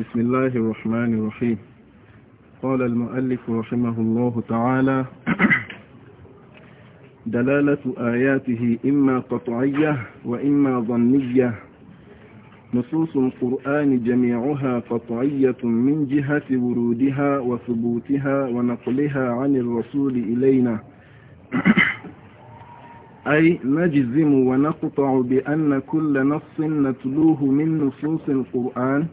بسم الله الرحمن الرحيم قال المؤلف رحمه الله تعالى دلالة آياته إما قطعية وإما ظنية نصوص القرآن جميعها قطعية من جهة ورودها وثبوتها ونقلها عن الرسول إلينا أي نجزم ونقطع بأن كل نص نتلوه من نصوص القرآن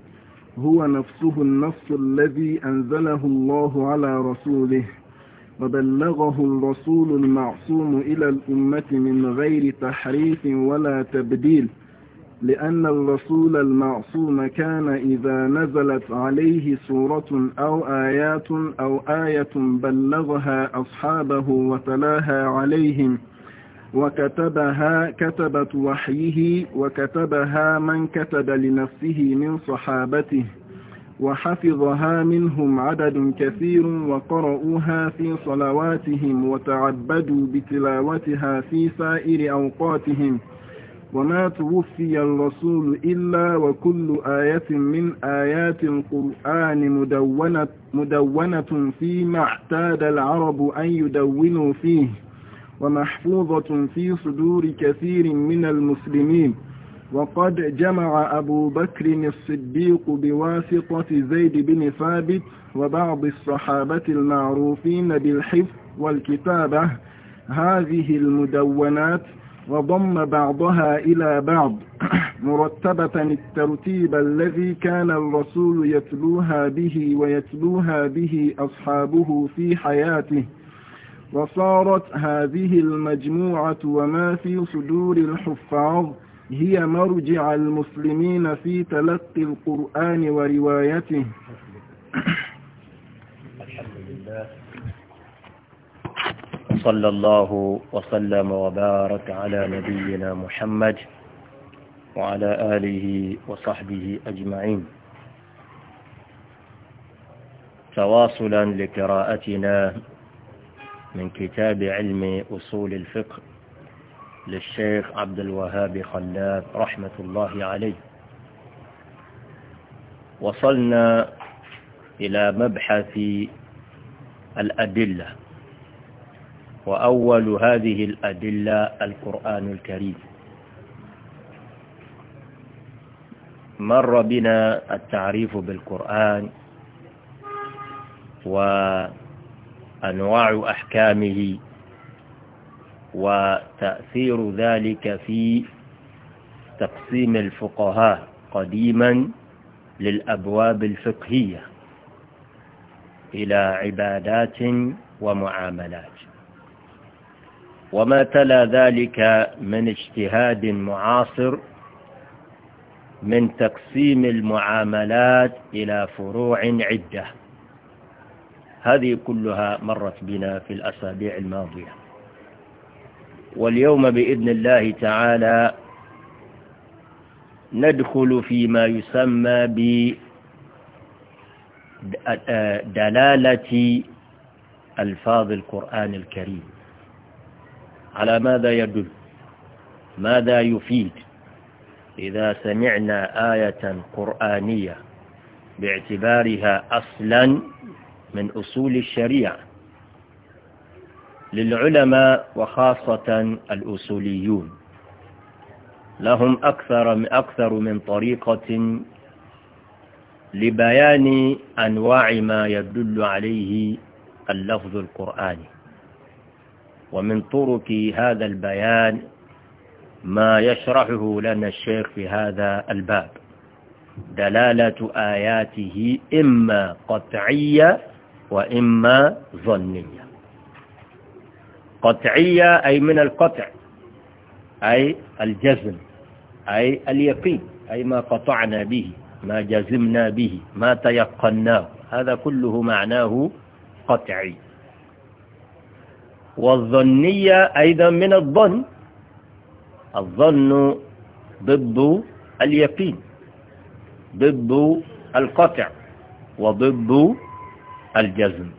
هو نفسه النص الذي أنزله الله على رسوله وبلغه الرسول المعصوم إلى الأمة من غير تحريف ولا تبديل لأن الرسول المعصوم كان إذا نزلت عليه سورة أو آيات أو آية بلغها أصحابه وتلاها عليهم وكتبها كتبة وحيه وكتبها من كتب لنفسه من صحابته وحفظها منهم عدد كثير وقرؤوها في صلواتهم وتعبدوا بتلاوتها في سائر أوقاتهم وما توفي الرسول إلا وكل آية من آيات القرآن مدونة, مدونة فيما اعتاد العرب أن يدونوا فيه ومحفوظة في صدور كثير من المسلمين وقد جمع أبو بكر الصديق بواسطة زيد بن ثابت وبعض الصحابة المعروفين بالحفظ والكتابة هذه المدونات وضم بعضها إلى بعض مرتبة الترتيب الذي كان الرسول يتلوها به ويتلوها به أصحابه في حياته وصارت هذه المجموعة وما في صدور الحفاظ هي مرجع المسلمين في تلقي القرآن وروايته الحمد لله صلى الله وسلم وبارك على نبينا محمد وعلى آله وصحبه أجمعين تواصلا لقراءتنا من كتاب علم أصول الفقه للشيخ عبد الوهاب خلاب رحمة الله عليه وصلنا إلى مبحث الأدلة وأول هذه الأدلة القرآن الكريم مر بنا التعريف بالقرآن و أنواع أحكامه وتأثير ذلك في تقسيم الفقهاء قديما للأبواب الفقهية إلى عبادات ومعاملات وما تلا ذلك من اجتهاد معاصر من تقسيم المعاملات إلى فروع عدة هذه كلها مرت بنا في الأسابيع الماضية واليوم بإذن الله تعالى ندخل فيما يسمى بدلالة ألفاظ القرآن الكريم على ماذا يدل ماذا يفيد إذا سمعنا آية قرآنية باعتبارها أصلا من أصول الشريعة للعلماء وخاصة الأصوليون لهم أكثر من, أكثر من طريقة لبيان أنواع ما يدل عليه اللفظ القرآني ومن طرق هذا البيان ما يشرحه لنا الشيخ في هذا الباب دلالة آياته إما قطعية وإما ظنية قطعية أي من القطع أي الجزم أي اليقين أي ما قطعنا به ما جزمنا به ما تيقناه هذا كله معناه قطعي والظنية أيضا من الظن الظن ضد اليقين ضد القطع وضد الجزم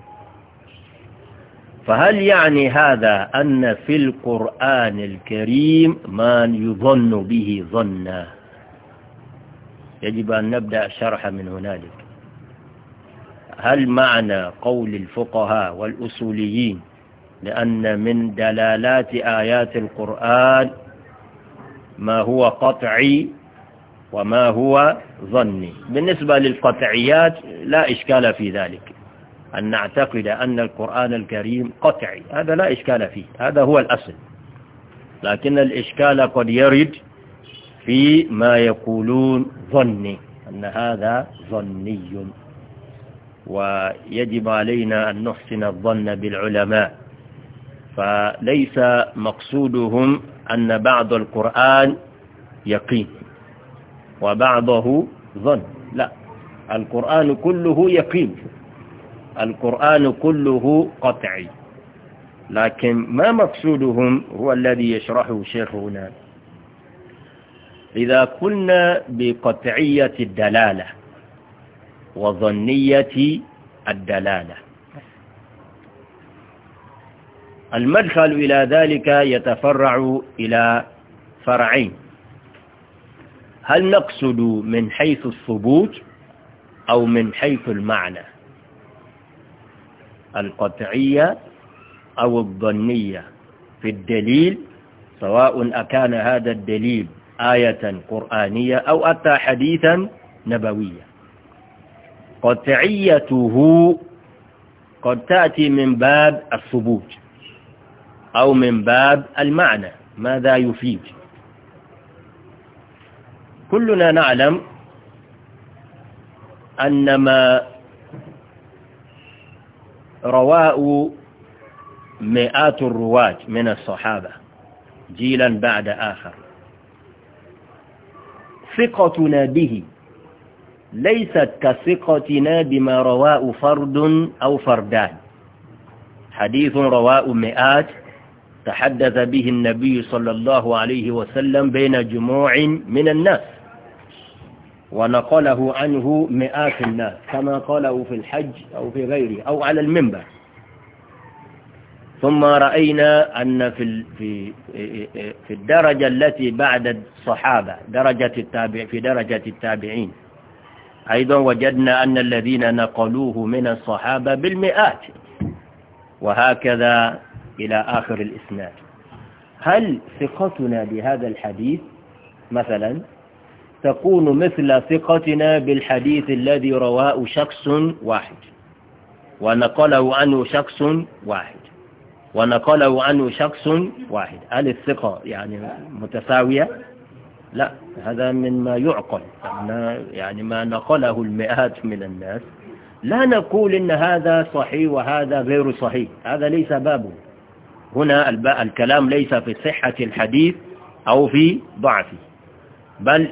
فهل يعني هذا أن في القرآن الكريم ما يظن به ظنا يجب أن نبدأ الشرح من هنالك هل معنى قول الفقهاء والأصوليين لأن من دلالات آيات القرآن ما هو قطعي وما هو ظني بالنسبة للقطعيات لا إشكال في ذلك أن نعتقد أن القرآن الكريم قطعي هذا لا إشكال فيه هذا هو الأصل لكن الإشكال قد يرد في ما يقولون ظني أن هذا ظني ويجب علينا أن نحسن الظن بالعلماء فليس مقصودهم أن بعض القرآن يقين وبعضه ظن لا القرآن كله يقين القرآن كله قطعي لكن ما مقصودهم هو الذي يشرحه الشيخ هنا إذا قلنا بقطعية الدلالة وظنية الدلالة المدخل إلى ذلك يتفرع إلى فرعين هل نقصد من حيث الثبوت أو من حيث المعنى القطعية أو الظنية في الدليل سواء أكان هذا الدليل آية قرآنية أو أتى حديثا نبويا قطعيته قد تأتي من باب الثبوت أو من باب المعنى ماذا يفيد كلنا نعلم أن ما رواء مئات الرواة من الصحابة جيلا بعد آخر ثقتنا به ليست كثقتنا بما رواه فرد أو فردان حديث رواه مئات تحدث به النبي صلى الله عليه وسلم بين جموع من الناس ونقله عنه مئات الناس كما قاله في الحج أو في غيره أو على المنبر ثم رأينا أن في في في الدرجة التي بعد الصحابة درجة التابع في درجة التابعين أيضا وجدنا أن الذين نقلوه من الصحابة بالمئات وهكذا إلى آخر الإسناد هل ثقتنا بهذا الحديث مثلا تكون مثل ثقتنا بالحديث الذي رواه شخص واحد ونقله عنه شخص واحد ونقله عنه شخص واحد هل الثقة يعني متساوية لا هذا مما يعقل يعني ما نقله المئات من الناس لا نقول إن هذا صحيح وهذا غير صحيح هذا ليس بابه هنا الكلام ليس في صحة الحديث أو في ضعفه بل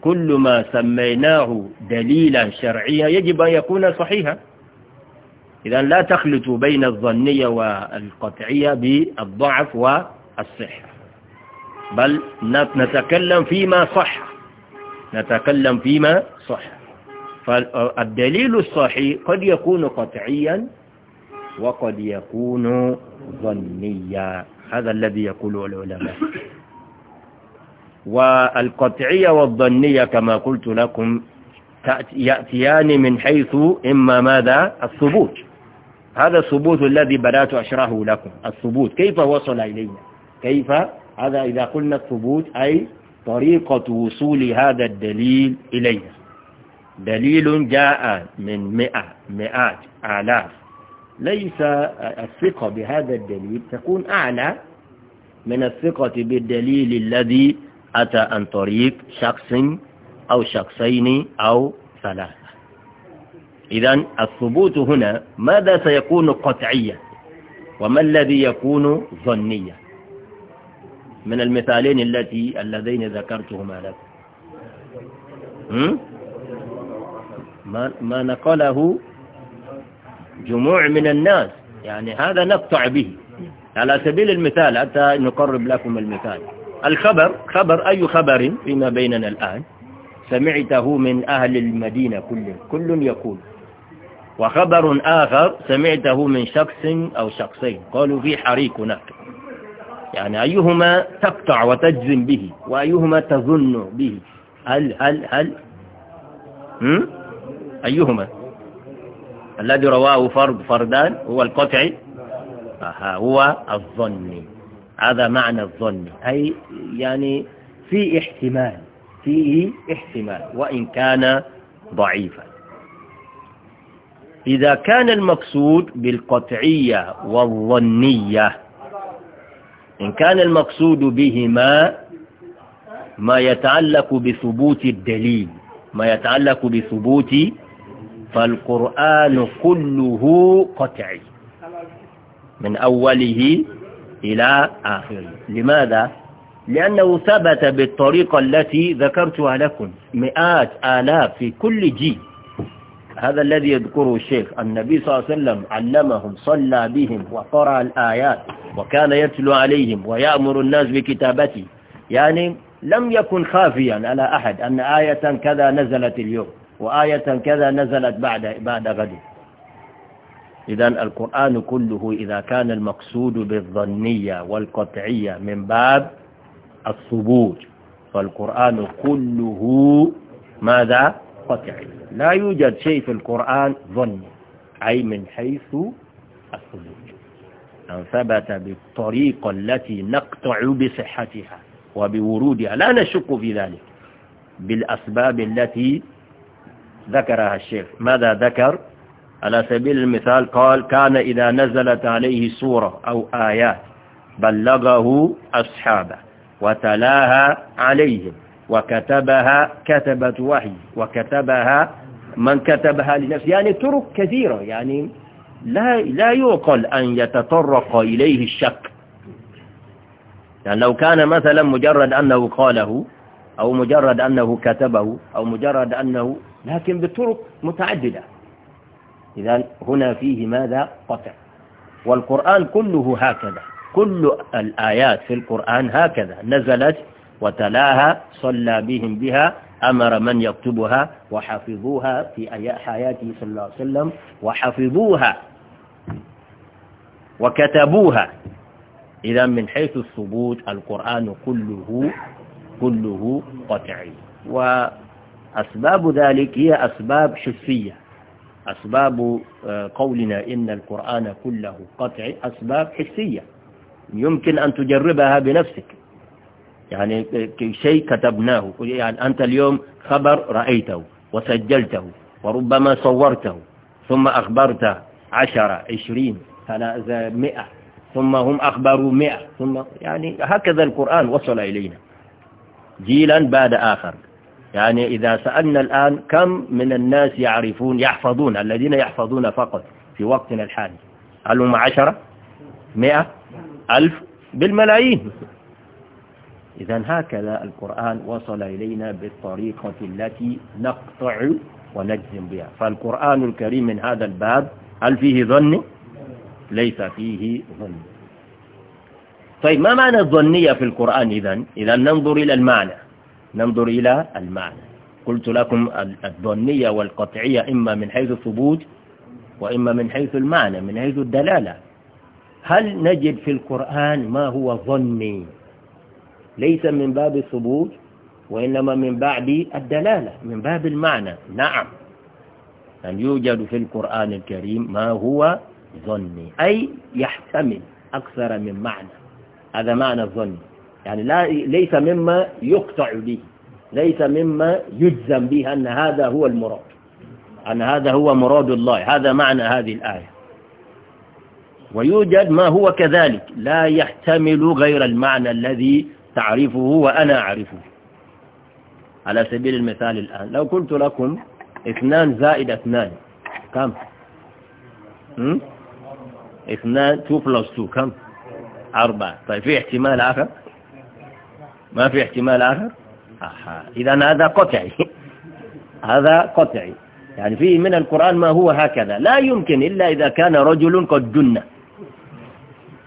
كل ما سميناه دليلا شرعيا يجب أن يكون صحيحا إذا لا تخلطوا بين الظنية والقطعية بالضعف والصحة بل نتكلم فيما صح نتكلم فيما صح فالدليل الصحيح قد يكون قطعيا وقد يكون ظنيا هذا الذي يقوله العلماء والقطعية والظنية كما قلت لكم يأتيان من حيث إما ماذا الثبوت هذا الثبوت الذي بدأت أشرحه لكم الثبوت كيف وصل إلينا كيف هذا إذا قلنا الثبوت أي طريقة وصول هذا الدليل إلينا دليل جاء من مئة مئات آلاف ليس الثقة بهذا الدليل تكون أعلى من الثقة بالدليل الذي أتى عن طريق شخص أو شخصين أو ثلاثة إذا الثبوت هنا ماذا سيكون قطعيا وما الذي يكون ظنيا من المثالين التي اللذين ذكرتهما لك ما, ما نقله جموع من الناس يعني هذا نقطع به على سبيل المثال حتى نقرب لكم المثال الخبر خبر أي خبر فيما بيننا الآن سمعته من أهل المدينة كل كل يقول وخبر آخر سمعته من شخص أو شخصين قالوا في حريق هناك يعني أيهما تقطع وتجزم به وأيهما تظن به هل هل هل هم؟ أيهما الذي رواه فرد فردان هو القطعي هو الظني هذا معنى الظن أي يعني في احتمال فيه احتمال وإن كان ضعيفا إذا كان المقصود بالقطعية والظنية إن كان المقصود بهما ما يتعلق بثبوت الدليل ما يتعلق بثبوت فالقرآن كله قطعي من أوله إلى آخره لماذا؟ لأنه ثبت بالطريقة التي ذكرتها لكم مئات آلاف في كل جيل هذا الذي يذكره الشيخ النبي صلى الله عليه وسلم علمهم صلى بهم وقرأ الآيات وكان يتلو عليهم ويأمر الناس بكتابته يعني لم يكن خافيا على أحد أن آية كذا نزلت اليوم وآية كذا نزلت بعد, بعد غد إذا القرآن كله إذا كان المقصود بالظنية والقطعية من باب الثبوت فالقرآن كله ماذا قطعي لا يوجد شيء في القرآن ظني أي من حيث الثبوت أن ثبت بالطريقة التي نقطع بصحتها وبورودها لا نشك في ذلك بالأسباب التي ذكرها الشيخ ماذا ذكر على سبيل المثال قال كان إذا نزلت عليه سورة أو آيات بلغه أصحابه وتلاها عليهم وكتبها كتبة وحي وكتبها من كتبها لنفسه يعني طرق كثيرة يعني لا, لا يعقل أن يتطرق إليه الشك يعني لو كان مثلا مجرد أنه قاله أو مجرد أنه كتبه أو مجرد أنه لكن بطرق متعددة إذا هنا فيه ماذا قطع والقرآن كله هكذا كل الآيات في القرآن هكذا نزلت وتلاها صلى بهم بها أمر من يكتبها وحفظوها في حياته صلى الله عليه وسلم وحفظوها وكتبوها إذا من حيث الثبوت القرآن كله كله قطعي وأسباب ذلك هي أسباب حسية أسباب آه، قولنا إن القرآن كله قطع أسباب حسية يمكن أن تجربها بنفسك يعني آه، شيء كتبناه يعني أنت اليوم خبر رأيته وسجلته وربما صورته ثم أخبرت عشرة عشرين مئة ثم هم أخبروا مئة ثم يعني هكذا القرآن وصل إلينا جيلا بعد آخر يعني إذا سألنا الآن كم من الناس يعرفون يحفظون الذين يحفظون فقط في وقتنا الحالي هل هم عشرة مئة ألف بالملايين إذا هكذا القرآن وصل إلينا بالطريقة التي نقطع ونجزم بها فالقرآن الكريم من هذا الباب هل فيه ظن ليس فيه ظن طيب ما معنى الظنية في القرآن إذا إذا ننظر إلى المعنى ننظر إلى المعنى قلت لكم الظنية والقطعية إما من حيث الثبوت وإما من حيث المعنى من حيث الدلالة هل نجد في القرآن ما هو ظني ليس من باب الثبوت وإنما من بعد الدلالة من باب المعنى نعم أن يوجد في القرآن الكريم ما هو ظني أي يحتمل أكثر من معنى هذا معنى الظني يعني لا ليس مما يقطع به ليس مما يجزم به أن هذا هو المراد أن هذا هو مراد الله هذا معنى هذه الآية ويوجد ما هو كذلك لا يحتمل غير المعنى الذي تعرفه وأنا أعرفه على سبيل المثال الآن لو قلت لكم اثنان زائد اثنان كم اثنان 2 بلس 2 كم أربعة طيب في احتمال آخر ما في احتمال آخر آه، إذا هذا قطعي هذا قطعي يعني فيه من القرآن ما هو هكذا لا يمكن إلا إذا كان رجل قد جن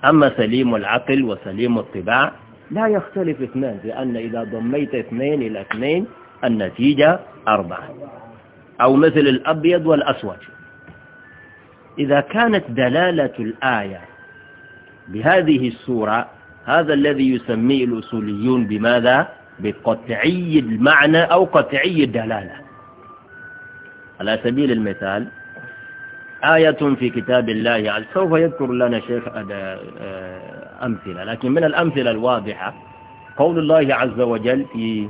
أما سليم العقل وسليم الطباع لا يختلف اثنان لأن إذا ضميت اثنين إلى اثنين النتيجة أربعة أو مثل الأبيض والأسود إذا كانت دلالة الآية بهذه الصورة هذا الذي يسميه الأصوليون بماذا بقطعي المعنى أو قطعي الدلالة على سبيل المثال آية في كتاب الله سوف يذكر لنا شيخ آه، أمثلة لكن من الأمثلة الواضحة قول الله عز وجل في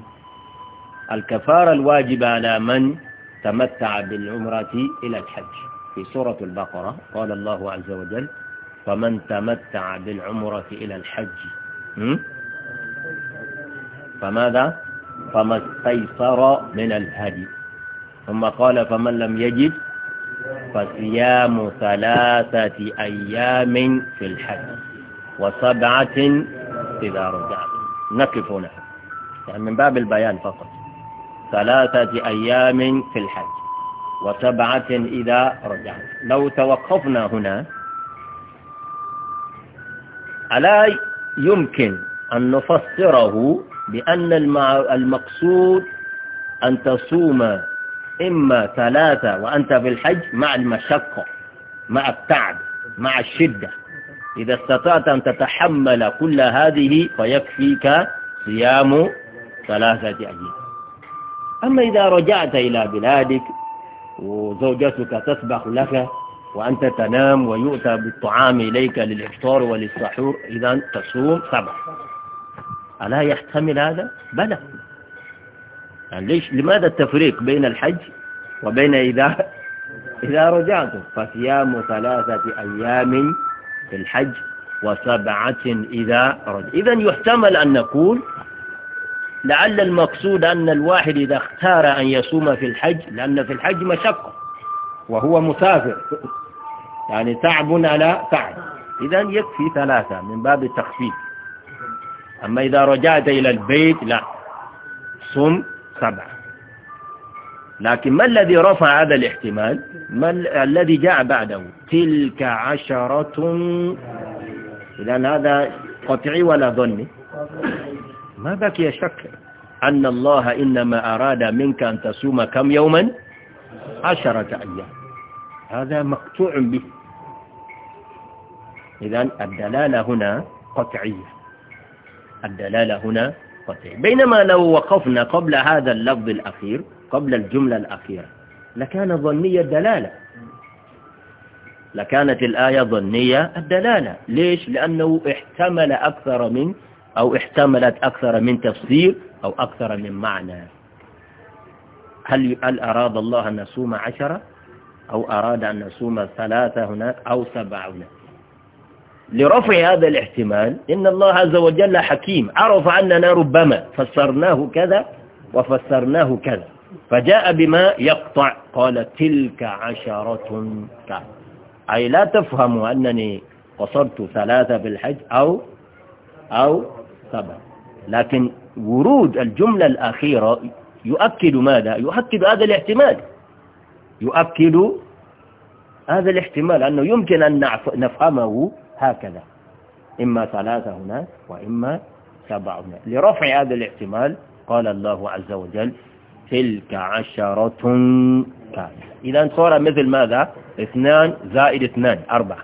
الكفارة الواجبة على من تمتع بالعمرة إلى الحج في سورة البقرة قال الله عز وجل فمن تمتع بالعمرة إلى الحج فماذا فما استيسر من الهدي ثم قال فمن لم يجد فصيام ثلاثة أيام في الحج وسبعة إذا رجعت نقف هنا يعني من باب البيان فقط ثلاثة أيام في الحج وسبعة إذا رجعت لو توقفنا هنا ألا يمكن أن نفسره بأن المقصود أن تصوم إما ثلاثة وأنت في الحج مع المشقة مع التعب مع الشدة إذا استطعت أن تتحمل كل هذه فيكفيك صيام ثلاثة أيام أما إذا رجعت إلى بلادك وزوجتك تسبح لك وأنت تنام ويؤتى بالطعام إليك للإفطار وللسحور إذا تصوم سبع ألا يحتمل هذا؟ بلى يعني ليش لماذا التفريق بين الحج وبين إذا إذا رجعت فصيام ثلاثة أيام في الحج وسبعة إذا رجع إذا يحتمل أن نقول لعل المقصود أن الواحد إذا اختار أن يصوم في الحج لأن في الحج مشقة وهو مسافر يعني تعب على تعب إذا يكفي ثلاثة من باب التخفيف أما إذا رجعت إلى البيت لا صم سبعة لكن ما الذي رفع هذا الاحتمال ما الذي جاء بعده تلك عشرة إذا هذا قطعي ولا ظني ما بقي شك أن الله إنما أراد منك أن تصوم كم يوما عشرة أيام هذا مقطوع به إذا الدلالة هنا قطعية الدلالة هنا قطعية بينما لو وقفنا قبل هذا اللفظ الأخير قبل الجملة الأخيرة لكان ظنية الدلالة لكانت الآية ظنية الدلالة ليش؟ لأنه احتمل أكثر من أو احتملت أكثر من تفسير أو أكثر من معنى هل هل أراد الله أن نصوم عشرة أو أراد أن نصوم ثلاثة هناك أو سبعة هناك لرفع هذا الاحتمال إن الله عز وجل حكيم عرف أننا ربما فسرناه كذا وفسرناه كذا فجاء بما يقطع قال تلك عشرة كذا أي لا تفهم أنني قصرت ثلاثة بالحج أو أو سبعة لكن ورود الجملة الأخيرة يؤكد ماذا؟ يؤكد هذا الاحتمال يؤكد هذا الاحتمال أنه يمكن أن نفهمه هكذا إما ثلاثة هناك وإما سبعة هناك لرفع هذا الاحتمال قال الله عز وجل تلك عشرة كاملة إذا صار مثل ماذا اثنان زائد اثنان أربعة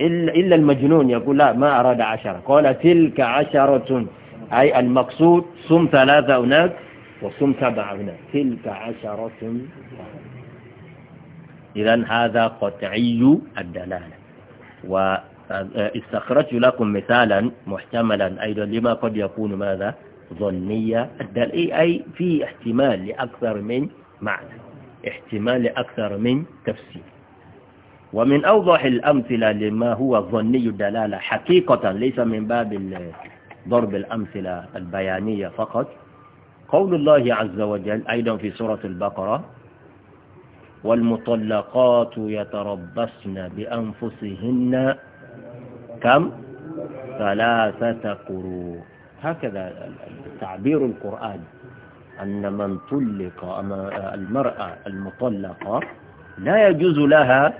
إلا المجنون يقول لا ما أراد عشرة قال تلك عشرة أي المقصود صم ثلاثة هناك وصم سبعة هناك تلك عشرة إذا هذا قطعي الدلالة واستخرج لكم مثالا محتملا أيضا لما قد يكون ماذا ظنية أي في احتمال لأكثر من معنى احتمال لأكثر من تفسير ومن أوضح الأمثلة لما هو ظني الدلالة حقيقة ليس من باب ضرب الأمثلة البيانية فقط قول الله عز وجل أيضا في سورة البقرة والمطلقات يتربصن بأنفسهن كم ثلاثة قروء هكذا تعبير القرآن أن من طلق المرأة المطلقة لا يجوز لها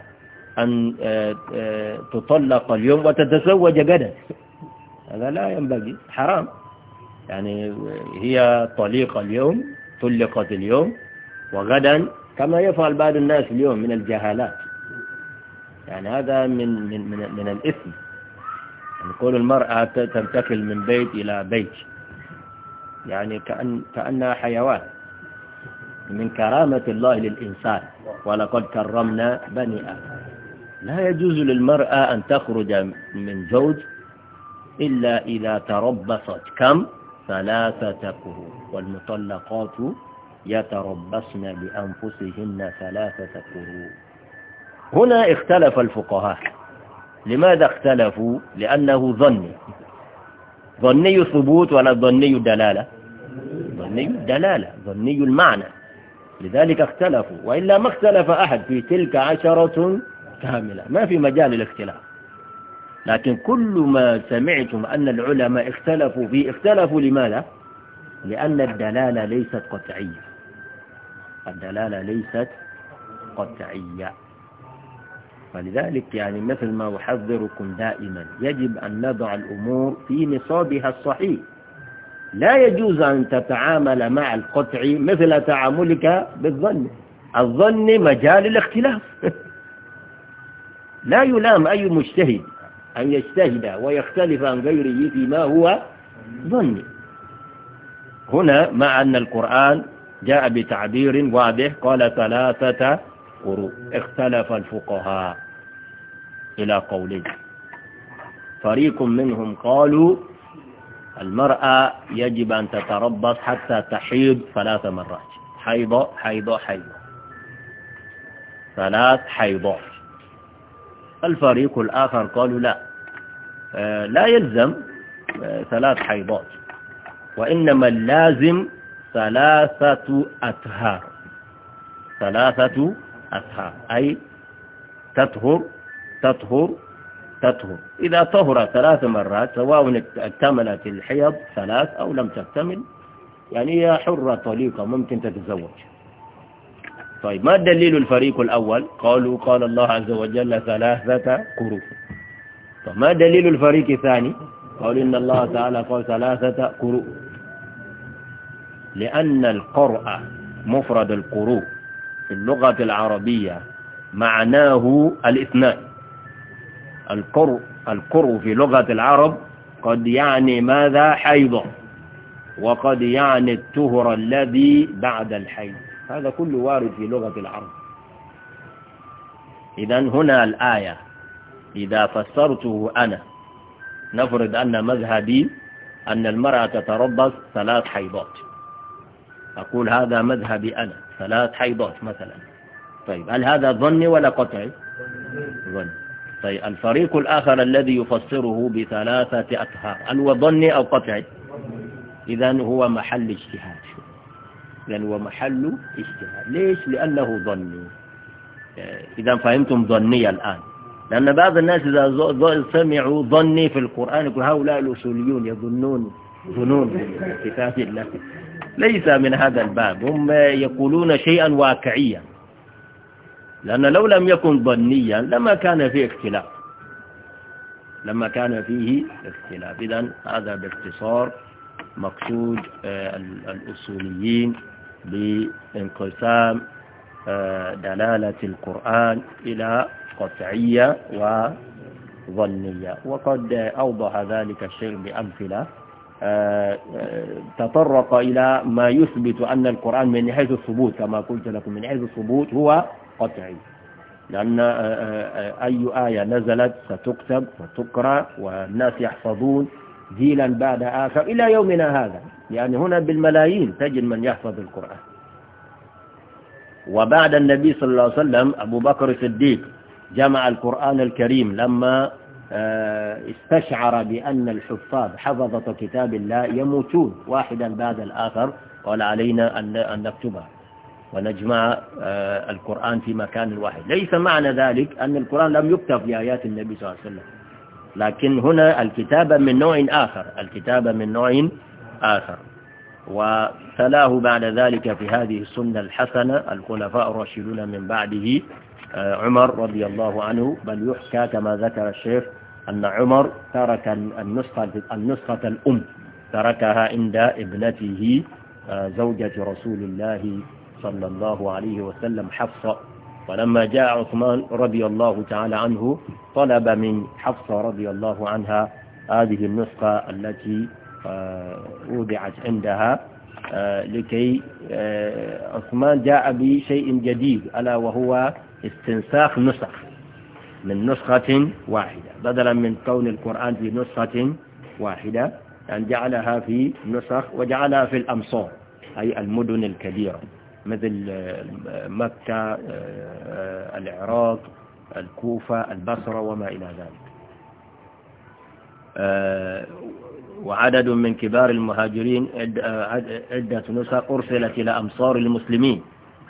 أن آه، آه، تطلق اليوم وتتزوج غدا هذا لا ينبغي حرام يعني هي طليقة اليوم طلقت اليوم وغدا كما يفعل بعض الناس اليوم من الجهالات يعني هذا من من من, من الإثم نقول يعني المرأة تنتقل من بيت إلى بيت يعني كأن كأنها حيوان من كرامة الله للإنسان ولقد كرمنا بني آدم لا يجوز للمرأة أن تخرج من زوج إلا إذا تربصت كم ثلاثة قرون والمطلقات يتربصن بأنفسهن ثلاثة قروء هنا اختلف الفقهاء لماذا اختلفوا لأنه ظني ظني ثبوت ولا ظني دلالة ظني الدلالة ظني المعنى لذلك اختلفوا وإلا ما اختلف أحد في تلك عشرة كاملة ما في مجال الاختلاف لكن كل ما سمعتم أن العلماء اختلفوا فيه اختلفوا لماذا؟ لأن الدلالة ليست قطعية الدلالة ليست قطعية فلذلك يعني مثل ما أحذركم دائما يجب أن نضع الأمور في نصابها الصحيح لا يجوز أن تتعامل مع القطع مثل تعاملك بالظن الظن مجال الاختلاف لا يلام أي مجتهد أن يجتهد ويختلف عن غيره فيما هو ظني هنا مع أن القرآن جاء بتعبير واضح قال ثلاثة قروء اختلف الفقهاء إلى قولين فريق منهم قالوا المرأة يجب أن تتربص حتى تحيض ثلاث مرات حيضة حيضة حيضة ثلاث حيضات الفريق الآخر قالوا لا آه، لا يلزم آه، ثلاث حيضات وإنما اللازم ثلاثة أطهار ثلاثة أطهار أي تطهر تطهر تطهر إذا طهر ثلاث مرات سواء اكتملت الحيض ثلاث أو لم تكتمل يعني هي حرة طليقة ممكن تتزوج طيب ما دليل الفريق الأول قالوا قال الله عز وجل ثلاثة قروف طيب ما دليل الفريق الثاني قالوا إن الله تعالى قال ثلاثة قروف لأن القرأ مفرد القروء في اللغة العربية معناه الاثنان القرء القرء في لغة العرب قد يعني ماذا حيضا وقد يعني الطهر الذي بعد الحيض هذا كله وارد في لغة العرب إذا هنا الآية إذا فسرته أنا نفرض أن مذهبي أن المرأة تتربص ثلاث حيضات أقول هذا مذهبي أنا ثلاث حيضات مثلا طيب هل هذا ظني ولا قطعي ظني طيب الفريق الآخر الذي يفسره بثلاثة أطهار هل هو ظني أو قطعي إذا هو محل اجتهاد إذا هو محل اجتهاد ليش لأنه ظني آه، إذا فهمتم ظني الآن لأن بعض الناس إذا سمعوا ظني في القرآن يقول هؤلاء الأصوليون يظنون ظنون في كتاب الله ليس من هذا الباب هم يقولون شيئا واقعيا لأن لو لم يكن ظنيا لما كان في اختلاف لما كان فيه اختلاف إذا هذا باختصار مقصود آه، الأصوليين بانقسام آه، دلالة القرآن إلى قطعية وظنية وقد أوضح ذلك الشيخ بأمثلة آه، آه، تطرق إلى ما يثبت أن القرآن من حيث الثبوت كما قلت لكم من حيث الثبوت هو قطعي لأن آه، أي آية نزلت ستكتب وتقرأ والناس يحفظون جيلا بعد آخر إلى يومنا هذا يعني هنا بالملايين تجد من يحفظ القرآن وبعد النبي صلى الله عليه وسلم أبو بكر الصديق جمع القرآن الكريم لما آه، استشعر بأن الحفاظ حفظة كتاب الله يموتون واحدا بعد الآخر قال علينا أن نكتبها ونجمع آه، القرآن في مكان واحد ليس معنى ذلك أن القرآن لم يكتب في آيات النبي صلى الله عليه وسلم لكن هنا الكتابة من نوع آخر الكتابة من نوع آخر وتلاه بعد ذلك في هذه السنة الحسنة الخلفاء الراشدون من بعده آه، عمر رضي الله عنه بل يحكى كما ذكر الشيخ أن عمر ترك النسخة, النسخة الأم تركها عند ابنته آه، زوجة رسول الله صلى الله عليه وسلم حفصة فلما جاء عثمان رضي الله تعالى عنه طلب من حفصة رضي الله عنها هذه النسخة التي آه، وضعت عندها لكي عثمان جاء بشيء جديد ألا وهو استنساخ نسخ من نسخة واحدة بدلا من كون القرآن في نسخة واحدة أن يعني جعلها في نسخ وجعلها في الأمصار أي المدن الكبيرة مثل آه، مكة آه، العراق الكوفة البصرة وما إلى ذلك آه، وعدد من كبار المهاجرين عدة نسخ أرسلت إلى أمصار المسلمين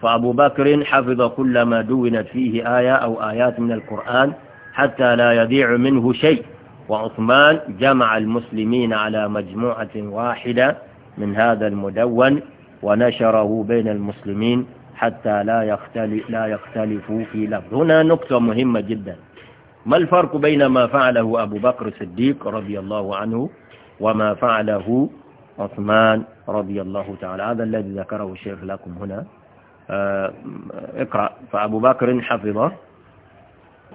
فأبو بكر حفظ كل ما دونت فيه آية أو آيات من القرآن حتى لا يضيع منه شيء وعثمان جمع المسلمين على مجموعة واحدة من هذا المدون ونشره بين المسلمين حتى لا يختلف لا يختلفوا في لفظ هنا نقطة مهمة جدا ما الفرق بين ما فعله أبو بكر الصديق رضي الله عنه وما فعله عثمان رضي الله تعالى هذا الذي ذكره الشيخ لكم هنا آه، اقرأ فأبو بكر حفظه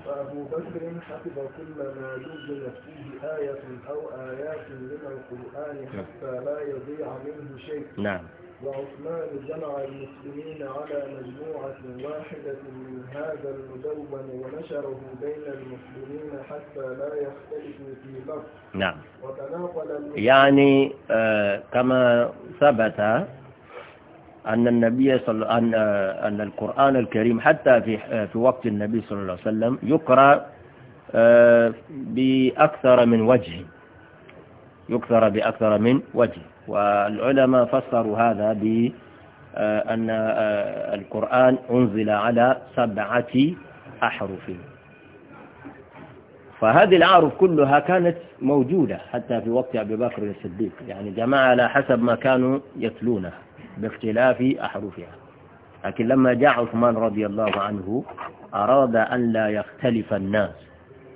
فأبو بكر حفظ كل ما جزيت فيه آية أو آيات من القرآن حتى لا يضيع منه شيء نعم وعثمان جمع المسلمين على مجموعة واحدة من هذا المدون ونشره بين المسلمين حتى لا يختلفوا في لفظ نعم وتناقل يعني آه كما ثبت أن النبي صلى أن أن القرآن الكريم حتى في في وقت النبي صلى الله عليه وسلم يقرأ آه، بأكثر من وجه يكثر بأكثر من وجه والعلماء فسروا هذا ب آه، أن آه، القرآن أنزل على سبعة أحرف فهذه الأعرف كلها كانت موجودة حتى في وقت أبي بكر الصديق يعني جماعة على حسب ما كانوا يتلونها باختلاف أحرفها لكن لما جاء عثمان رضي الله عنه أراد أن لا يختلف الناس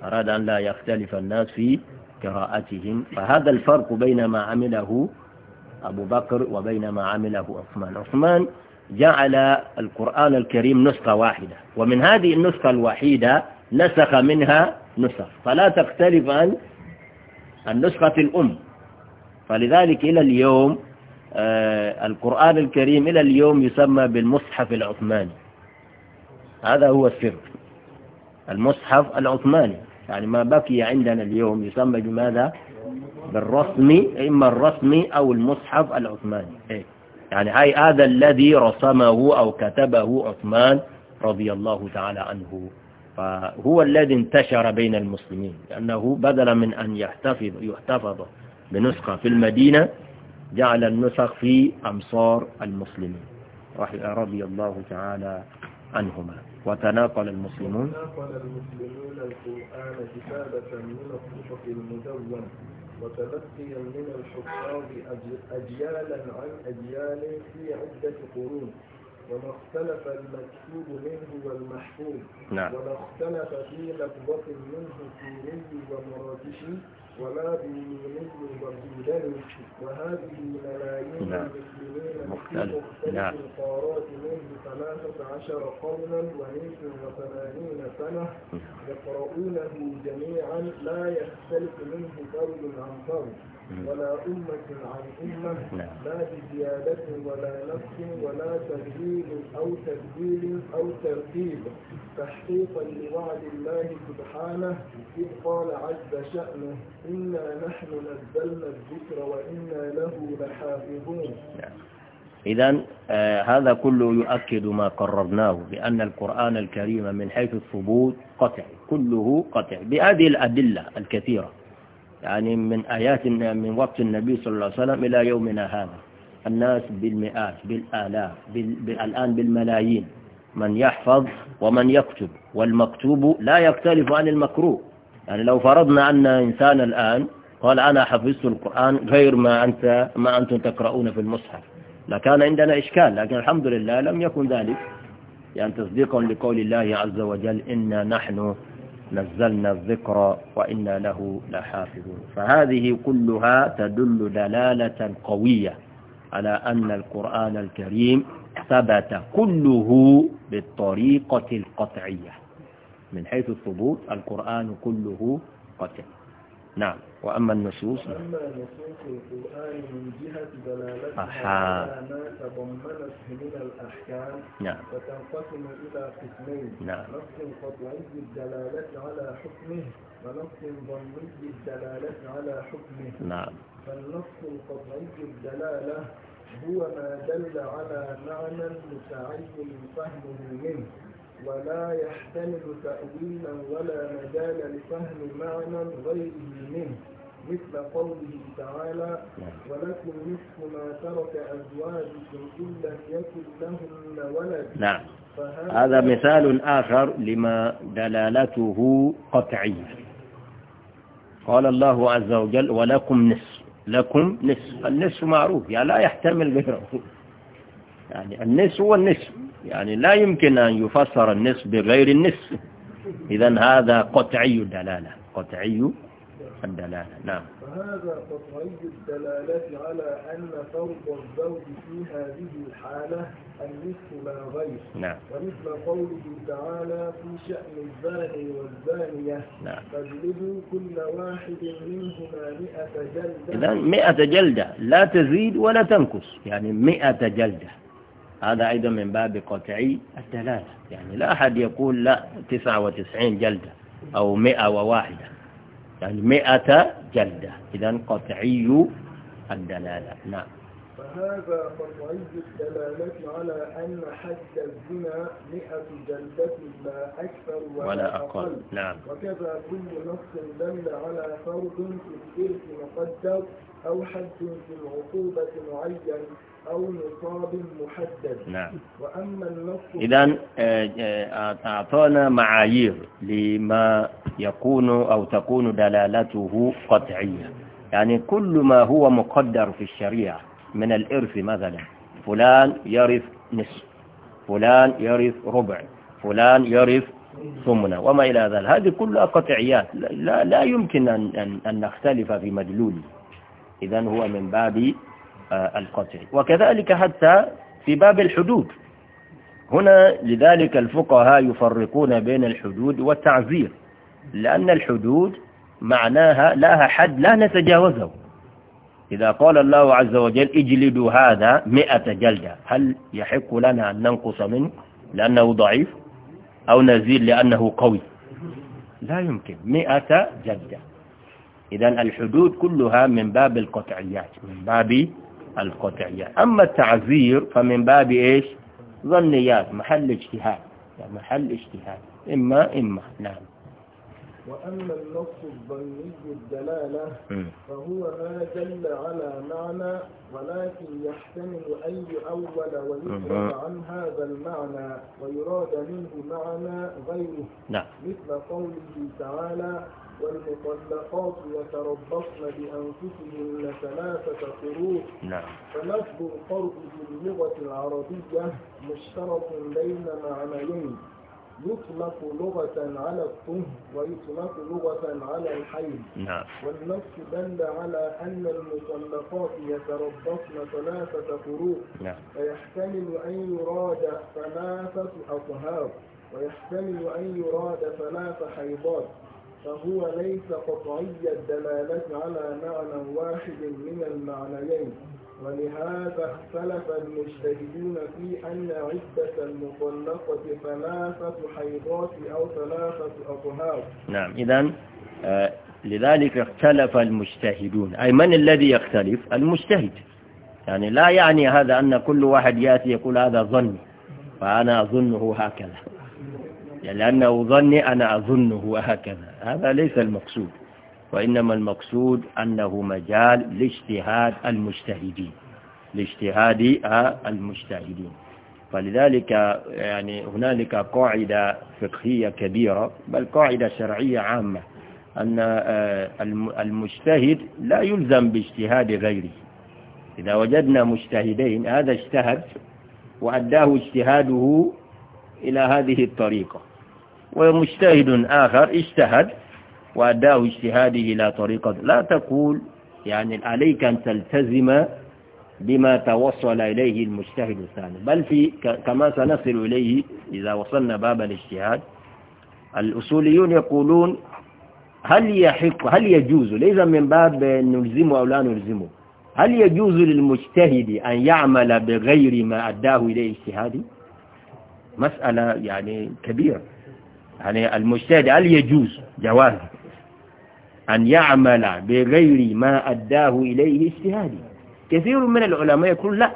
أراد أن لا يختلف الناس في قراءتهم فهذا الفرق بين ما عمله أبو بكر وبين ما عمله عثمان عثمان جعل القرآن الكريم نسخة واحدة ومن هذه النسخة الوحيدة نسخ منها نسخ فلا تختلف عن النسخة الأم فلذلك إلى اليوم آه، القرآن الكريم إلى اليوم يسمى بالمصحف العثماني هذا هو السر المصحف العثماني يعني ما بقي عندنا اليوم يسمى بماذا بالرسمي إما الرسمي أو المصحف العثماني إيه. يعني هاي هذا الذي رسمه أو كتبه عثمان رضي الله تعالى عنه فهو الذي انتشر بين المسلمين لأنه بدلا من أن يحتفظ يحتفظ بنسخة في المدينة جعل النسخ في أمصار المسلمين رضي الله تعالى عنهما وتناقل المسلمون وتناقل المسلمون القرآن كتابة من الصحف المدونة وتلقيا من الحفاظ أجيالا عن أجيال في عدة قرون وما اختلف المكتوب منه والمحفوظ نعم. وما اختلف في لفظة منه سوري ومراكشي ولا بيوني وبيدني وهذه ملايين نعم. المسلمين مختلف نعم. القارات منه ثلاثة عشر قرنا ونيف وثمانين سنة نعم. يقرؤونه جميعا لا يختلف منه قول عن قول ولا أمة عن أمة نعم. لا بزيادة ولا نقص ولا تبديل أو تبديل أو ترتيب تحقيقا لوعد الله سبحانه إذ قال عز شأنه إنا نحن نزلنا الذكر وإنا له لحافظون نعم. إذا آه هذا كله يؤكد ما قررناه بأن القرآن الكريم من حيث الثبوت قطع كله قطع بهذه الأدلة الكثيرة يعني من آيات من وقت النبي صلى الله عليه وسلم إلى يومنا هذا الناس بالمئات بالآلاف بال... الآن بالملايين من يحفظ ومن يكتب والمكتوب لا يختلف عن المكروه يعني لو فرضنا أن إنسان الآن قال أنا حفظت القرآن غير ما, أنت ما أنتم تقرؤون في المصحف لكان عندنا إشكال لكن الحمد لله لم يكن ذلك يعني تصديقا لقول الله عز وجل إنا نحن نزلنا الذكر وإنا له لحافظون فهذه كلها تدل دلالة قوية على أن القرآن الكريم ثبت كله بالطريقة القطعية من حيث الثبوت القرآن كله قطعي نعم وأما النصوص وأما نصوص القرآن من جهة دلالتها على ما تضمنته من الأحكام نعم فتنقسم إلى قسمين نعم نص قطعي الدلالة على حكمه ونص ظني الدلالة على حكمه نعم فالنص القطعي الدلالة هو ما دل على معنى متعين فهمه منه ولا يحتمل تأويلا ولا مجال لفهم معنى غيره منه مثل قوله تعالى ولكم نصف ما ترك أزواجكم إن لم يكن لهن ولد نعم هذا مثال آخر لما دلالته قطعية قال الله عز وجل ولكم نصف لكم نصف النصف معروف يعني لا يحتمل غيره يعني النصف هو النصف يعني لا يمكن أن يفسر النصف بغير النصف إذا هذا قطعي الدلالة قطعي الدلالة نعم هذا قطعي الدلالة على أن فرض الزوج في هذه الحالة النصف لا غير نعم ومثل قوله تعالى في شأن الزاني والزانية نعم فاجلدوا كل واحد منهما مئة جلدة إذا مئة جلدة لا تزيد ولا تنقص يعني مئة جلدة هذا أيضا من باب قطعي الدلالة يعني لا أحد يقول لا 99 جلدة أو 101 يعني 100 جلدة إذا قطعي الدلالة نعم فهذا قطعي الدلالة على أن حد الزنا 100 جلدة لا أكثر ولا, أقل. أقل نعم وكذا كل نص دل على فرض في الإرث مقدر أو حد في العقوبة معين أو نصاب محدد نعم وأما النص إذا آه، آه، أعطانا معايير لما يكون أو تكون دلالته قطعية يعني كل ما هو مقدر في الشريعة من الإرث مثلا فلان يرث نصف فلان يرث ربع فلان يرث ثمنا وما إلى ذلك هذه كلها قطعيات لا, لا يمكن أن, أن, أن نختلف في مدلوله إذا هو من باب آه، القطع وكذلك حتى في باب الحدود هنا لذلك الفقهاء يفرقون بين الحدود والتعزير لأن الحدود معناها لها حد لا نتجاوزه إذا قال الله عز وجل اجلدوا هذا مئة جلدة هل يحق لنا أن ننقص منه لأنه ضعيف أو نزيل لأنه قوي لا يمكن مئة جلدة إذا الحدود كلها من باب القطعيات من باب القطعيات أما التعذير فمن باب إيش ظنيات محل اجتهاد يعني محل اجتهاد إما إما نعم وأما النص الظني الدلالة فهو ما دل على معنى ولكن يحتمل أن يؤول ويخرج عن هذا المعنى ويراد منه معنى غيره نعم. مثل قوله تعالى والمطلقات يتربصن بأنفسهن ثلاثة قروء نعم فلفظ القرء في اللغة العربية مشترك بين معنيين يطلق لغة على الطهر ويطلق لغة على الحيض نعم والنص دل على أن المطلقات يتربصن ثلاثة فروق نعم فيحتمل أن يراد ثلاثة أطهار ويحتمل أن يراد ثلاث حيضات فهو ليس قطعي الدلالة على معنى واحد من المعنيين ولهذا اختلف المجتهدون في أن عدة المطلقة ثلاثة حيضات أو ثلاثة أطهار نعم إذا آه، لذلك اختلف المجتهدون أي من الذي يختلف المجتهد يعني لا يعني هذا أن كل واحد يأتي يقول هذا ظني فأنا أظنه هكذا لأنه ظني أنا أظنه هكذا هذا ليس المقصود وإنما المقصود أنه مجال لاجتهاد المجتهدين لاجتهاد المجتهدين فلذلك يعني هنالك قاعدة فقهية كبيرة بل قاعدة شرعية عامة أن آه، المجتهد لا يلزم باجتهاد غيره إذا وجدنا مجتهدين هذا اجتهد وأداه اجتهاده إلى هذه الطريقة ومجتهد آخر اجتهد وأداء اجتهاده إلى طريقة لا تقول يعني عليك أن تلتزم بما توصل إليه المجتهد الثاني بل في كما سنصل إليه إذا وصلنا باب الاجتهاد الأصوليون يقولون هل يحق هل يجوز ليس من باب نلزمه أو لا نلزمه هل يجوز للمجتهد أن يعمل بغير ما أداه إليه اجتهاده مسألة يعني كبيرة يعني المجتهد هل يجوز جواز أن يعمل بغير ما أداه إليه اجتهادي كثير من العلماء يقول لا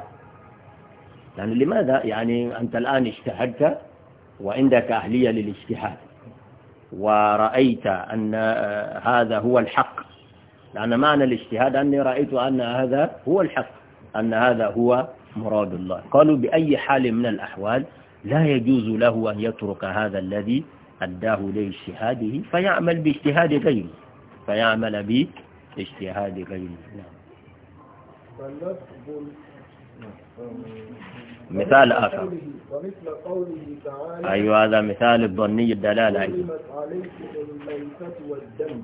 يعني لماذا يعني أنت الآن اجتهدت وعندك أهلية للاجتهاد ورأيت أن هذا هو الحق لأن معنى الاجتهاد أني رأيت أن هذا هو الحق أن هذا هو مراد الله قالوا بأي حال من الأحوال لا يجوز له أن يترك هذا الذي أداه إليه اجتهاده فيعمل باجتهاد غيره فيعمل اجتهاد غيره نعم مثال آخر أيوة هذا مثال الظني الدلالة أيوة.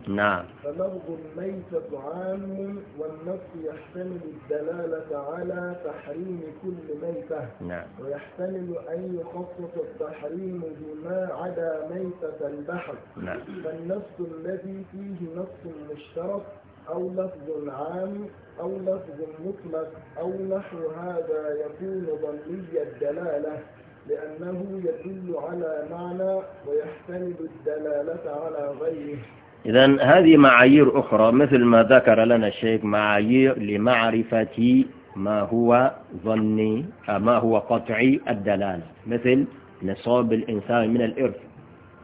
نعم فلفظ الميتة عام والنص يحتمل الدلالة على تحريم كل ميتة نعم ويحتمل أن يخصص التحريم بما عدا ميتة البحر نعم فالنص الذي فيه نص مشترك أو لفظ عام أو لفظ مطلق أو نحو هذا يكون ظني الدلالة لأنه يدل على معنى ويحتمل الدلالة على غيره إذا هذه معايير أخرى مثل ما ذكر لنا الشيخ معايير لمعرفة ما هو ظني ما هو قطعي الدلالة مثل نصاب الإنسان من الإرث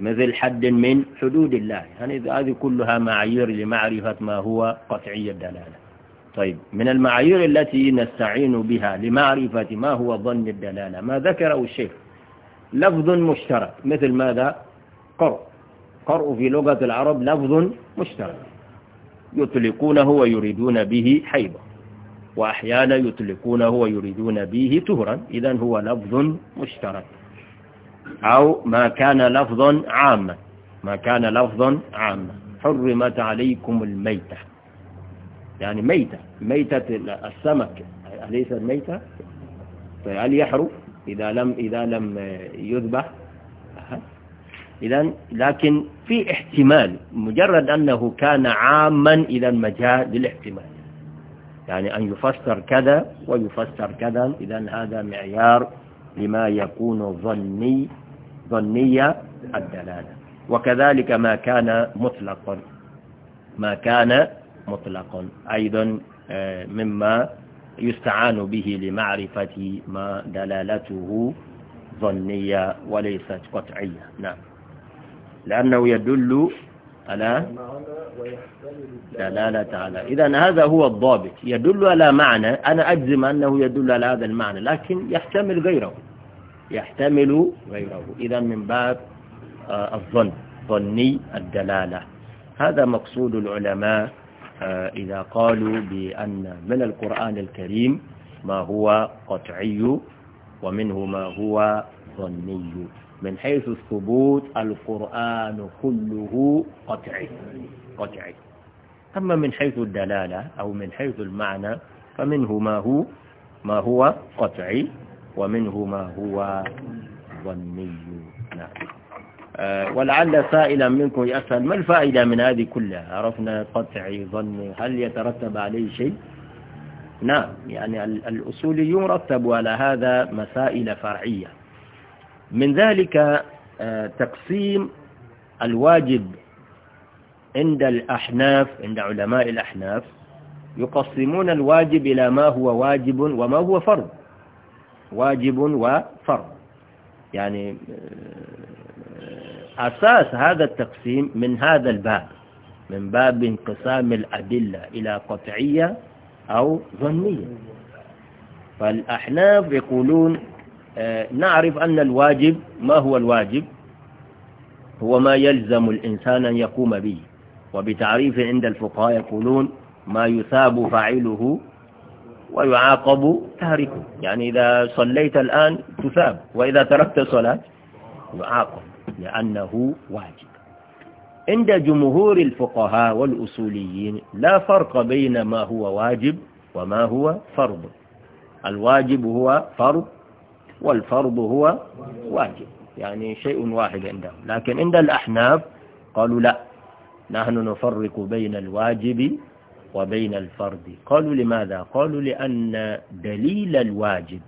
مثل حد من حدود الله يعني هذه كلها معايير لمعرفة ما هو قطعي الدلالة طيب من المعايير التي نستعين بها لمعرفة ما هو ظن الدلالة ما ذكره الشيخ لفظ مشترك مثل ماذا قرء قرء في لغة العرب لفظ مشترك يطلقونه ويريدون به حيبة وأحيانا يطلقونه ويريدون به تهرا إذا هو لفظ مشترك أو ما كان لفظا عاما ما كان لفظا عاما حرمت عليكم الميتة يعني ميتة ميتة السمك أليس الميتة طيب، هل يحرم إذا لم إذا لم يذبح إذا لكن في احتمال مجرد أنه كان عاما إذا مجال للاحتمال يعني أن يفسر كذا ويفسر كذا إذا هذا معيار لما يكون ظني ظنية الدلالة وكذلك ما كان مطلقا ما كان مطلقا أيضا آه، مما يستعان به لمعرفة ما دلالته ظنية وليست قطعية نعم لأنه يدل على دلالة على إذا هذا هو الضابط يدل على معنى أنا أجزم أنه يدل على هذا المعنى لكن يحتمل غيره يحتمل غيره إذا من باب آه، الظن ظني الدلالة هذا مقصود العلماء آه، إذا قالوا بأن من القرآن الكريم ما هو قطعي ومنه ما هو ظني من حيث الثبوت القرآن كله قطعي قطعي أما من حيث الدلالة أو من حيث المعنى فمنه ما هو ما هو قطعي ومنه ما هو ظني نعم آه، ولعل سائلا منكم يسأل ما الفائدة من هذه كلها عرفنا قطعي ظني هل يترتب عليه شيء نعم يعني الأصوليون رتبوا على هذا مسائل فرعية من ذلك آه، تقسيم الواجب عند الأحناف عند علماء الأحناف يقسمون الواجب إلى ما هو واجب وما هو فرض واجب وفرض يعني آه، أساس هذا التقسيم من هذا الباب من باب انقسام الأدلة إلى قطعية أو ظنية فالأحناف يقولون آه، نعرف أن الواجب ما هو الواجب هو ما يلزم الإنسان أن يقوم به وبتعريف عند الفقهاء يقولون ما يثاب فاعله ويعاقب تاركه يعني إذا صليت الآن تثاب وإذا تركت صلاة يعاقب لأنه واجب عند جمهور الفقهاء والأصوليين لا فرق بين ما هو واجب وما هو فرض الواجب هو فرض والفرض هو واجب يعني شيء واحد عندهم لكن عند الأحناف قالوا لا نحن نفرق بين الواجب وبين الفرض قالوا لماذا قالوا لأن دليل الواجب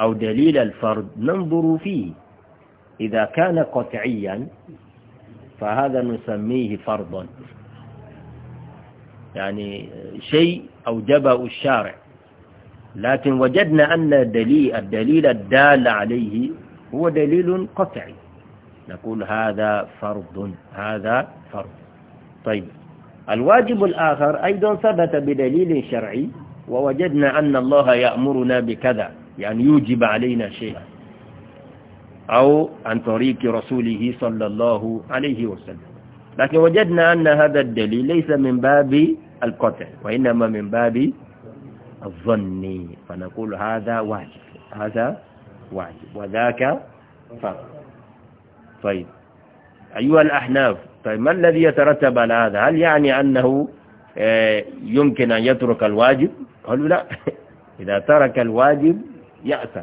أو دليل الفرض ننظر فيه إذا كان قطعيا فهذا نسميه فرضا يعني شيء أوجبه الشارع لكن وجدنا أن الدليل, الدليل الدال عليه هو دليل قطعي نقول هذا فرض هذا فرض طيب الواجب الآخر أيضا ثبت بدليل شرعي ووجدنا أن الله يأمرنا بكذا يعني يوجب علينا شيئا أو عن طريق رسوله صلى الله عليه وسلم لكن وجدنا أن هذا الدليل ليس من باب القطع وإنما من باب الظني فنقول هذا واجب هذا واجب وذاك فرض طيب أيها الأحناف طيب ما الذي يترتب على هذا هل يعني أنه آه، يمكن أن يترك الواجب قالوا لا إذا ترك الواجب يأثم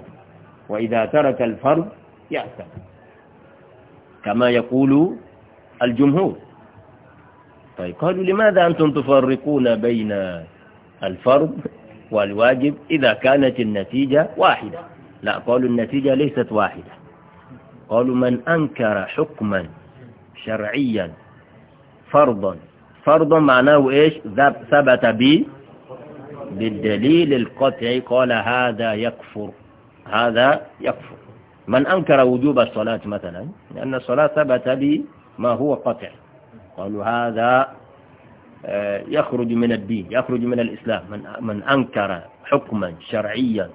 وإذا ترك الفرض يأثم كما يقول الجمهور طيب قالوا لماذا أنتم تفرقون بين الفرض والواجب إذا كانت النتيجة واحدة لا قالوا النتيجة ليست واحدة قالوا من أنكر حكما شرعيا فرضا فرضا معناه إيش ثبت به بالدليل القطعي قال هذا يكفر هذا يكفر من أنكر وجوب الصلاة مثلا لأن الصلاة ثبت بما هو قطع قالوا هذا آه، يخرج من الدين يخرج من الإسلام من, من أنكر حكما شرعيا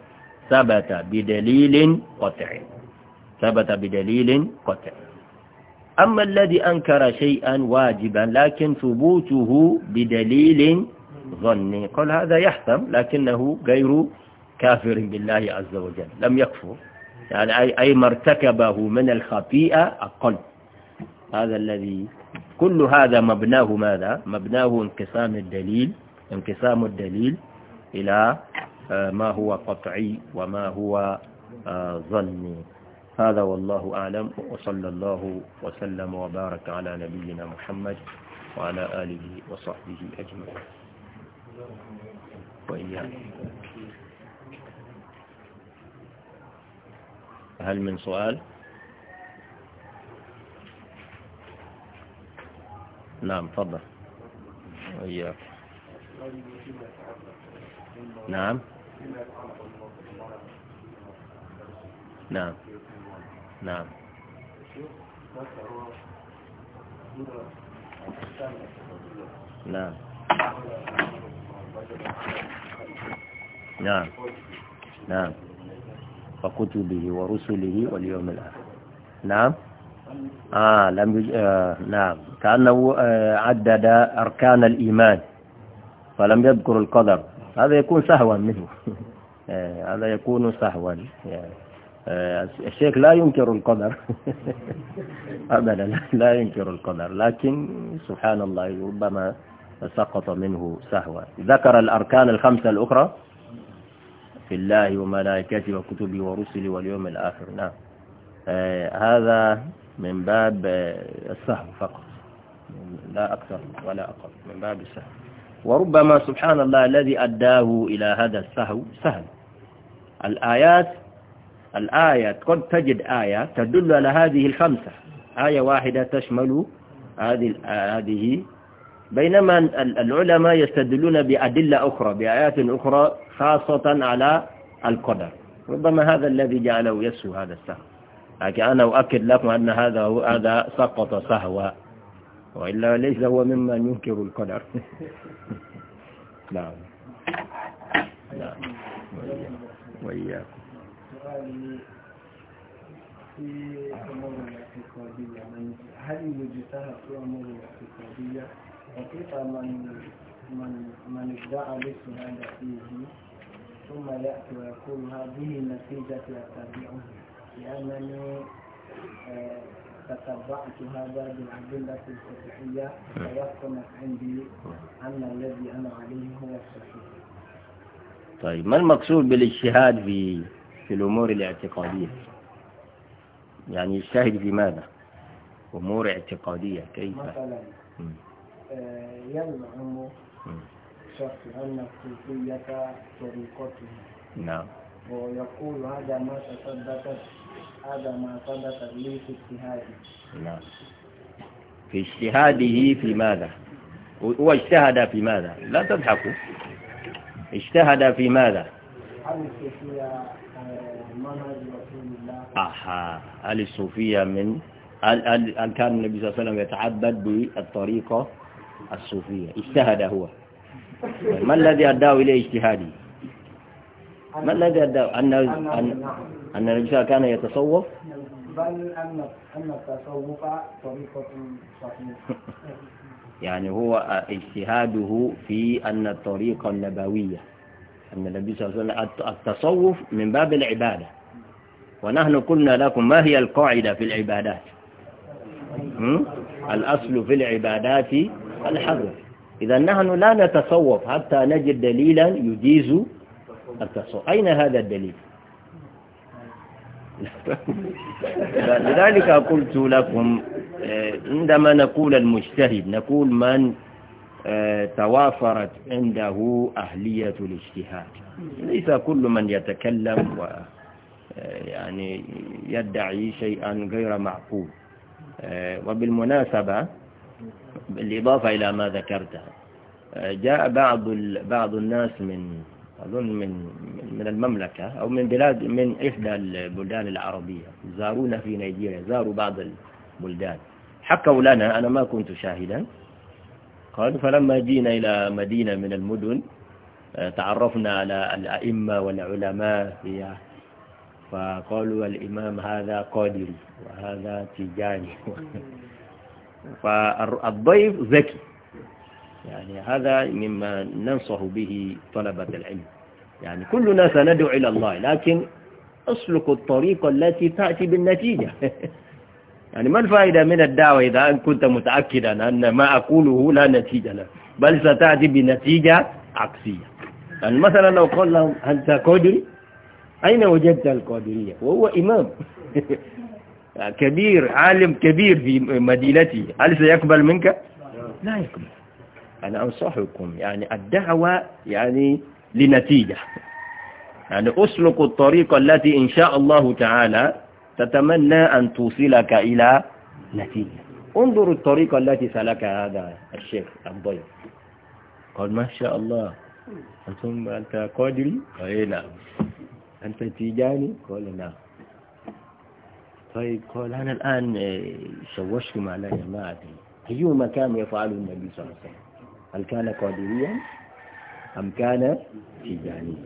ثبت بدليل قطع ثبت بدليل قطع أما الذي أنكر شيئا واجبا لكن ثبوته بدليل ظني قال هذا يحتم لكنه غير كافر بالله عز وجل لم يكفر يعني أي ما ارتكبه من الخطيئة أقل هذا الذي كل هذا مبناه ماذا مبناه انقسام الدليل انقسام الدليل إلى آه، ما هو قطعي وما هو آه، ظني هذا والله أعلم وصلى الله وسلم وبارك على نبينا محمد وعلى آله وصحبه أجمعين وإياكم هل من سؤال؟ نعم تفضل وياك نعم نعم نعم نعم نعم نعم وكتبه ورسله واليوم الآخر نعم آه لم يج... آه نعم كأنه آه، عدد أركان الإيمان فلم يذكر القدر هذا يكون سهوا منه آه، هذا يكون سهوا آه، الشيخ لا ينكر القدر أبدا لا ينكر القدر لكن سبحان الله ربما سقط منه سهوا ذكر الأركان الخمسة الأخرى في الله وملائكته وكتبه ورسله واليوم الآخر نعم آه هذا من باب السهو فقط لا أكثر ولا أقل من باب السهو وربما سبحان الله الذي أداه إلى هذا السهو سهل الآيات الآية قد تجد آية تدل على هذه الخمسة آية واحدة تشمل هذه هذه بينما العلماء يستدلون بأدلة أخرى بآيات أخرى خاصة على القدر ربما هذا الذي جعله يسهو هذا السهو لكن أنا أؤكد لكم أن هذا هو هذا سقط سهوا وإلا ليس هو ممن ينكر القدر نعم نعم وإياكم في أمور الاعتقادية هل يوجدها في أمور الاعتقادية وكيف من من من ادعى ليس هذا فيه ثم يأتي ويقول هذه النتيجة يتبعها لأنني آه، تتبعت هذا بالأدلة الفقهية ويحكم نعم. عندي أن الذي أنا عليه هو الصحيح. طيب ما المقصود بالاجتهاد في في الأمور الاعتقادية؟ يعني يجتهد في ماذا؟ أمور اعتقادية كيف؟ مثلا آه، يزعم شخص أن الصوفية طريقته نعم ويقول هذا ما تثبتت هذا ما صدق لي في اجتهادي نعم في اجتهاده في ماذا هو اجتهد في ماذا لا تضحكوا اجتهد في ماذا آه، أها هل الصوفية من هل, هل كان النبي صلى الله عليه وسلم يتعبد بالطريقة الصوفية اجتهد هو ما الذي أداه إليه اجتهادي ما الذي أدى أن أن أن نعم. النبي كان يتصوف بل أن أن التصوف طريقة صحيحة يعني هو اجتهاده في أن الطريقة النبوية أن النبي صلى الله عليه وسلم التصوف من باب العبادة ونحن قلنا لكم ما هي القاعدة في العبادات الأصل في العبادات الحذر إذا نحن لا نتصوف حتى نجد دليلا يجيز أن أين هذا الدليل لذلك قلت لكم آه، عندما نقول المجتهد نقول من آه، توافرت عنده أهلية الاجتهاد ليس كل من يتكلم و آه، يعني يدعي شيئا غير معقول وبالمناسبة بالإضافة إلى ما ذكرته جاء بعض بعض الناس من أظن من من المملكة أو من بلاد من إحدى البلدان العربية زارونا في نيجيريا زاروا بعض البلدان حكوا لنا أنا ما كنت شاهدا قالوا فلما جينا إلى مدينة من المدن آه، تعرفنا على الأئمة والعلماء فيها فقالوا الإمام هذا قادري وهذا تجاني فالضيف ذكي يعني هذا مما ننصح به طلبة العلم يعني كلنا سندعو إلى الله لكن أسلك الطريقة التي تأتي بالنتيجة يعني ما الفائدة من الدعوة إذا أن كنت متأكدا أن ما أقوله لا نتيجة له بل ستأتي بنتيجة عكسية يعني مثلا لو قال لهم أنت قدري أين وجدت القدرية وهو إمام كبير عالم كبير في مدينته هل سيقبل منك لا يقبل أنا أنصحكم يعني الدعوة يعني لنتيجة يعني أسلك الطريقة التي إن شاء الله تعالى تتمنى أن توصلك إلى نتيجة انظروا الطريقة التي سلكها هذا الشيخ الضيف قال ما شاء الله أنتم أنت قادري قال إيه نعم أنت تيجاني قال نعم طيب قال أنا الآن شوشتم على جماعتي أي مكان يفعله النبي صلى الله عليه وسلم هل كان قادريا أم كان تجاني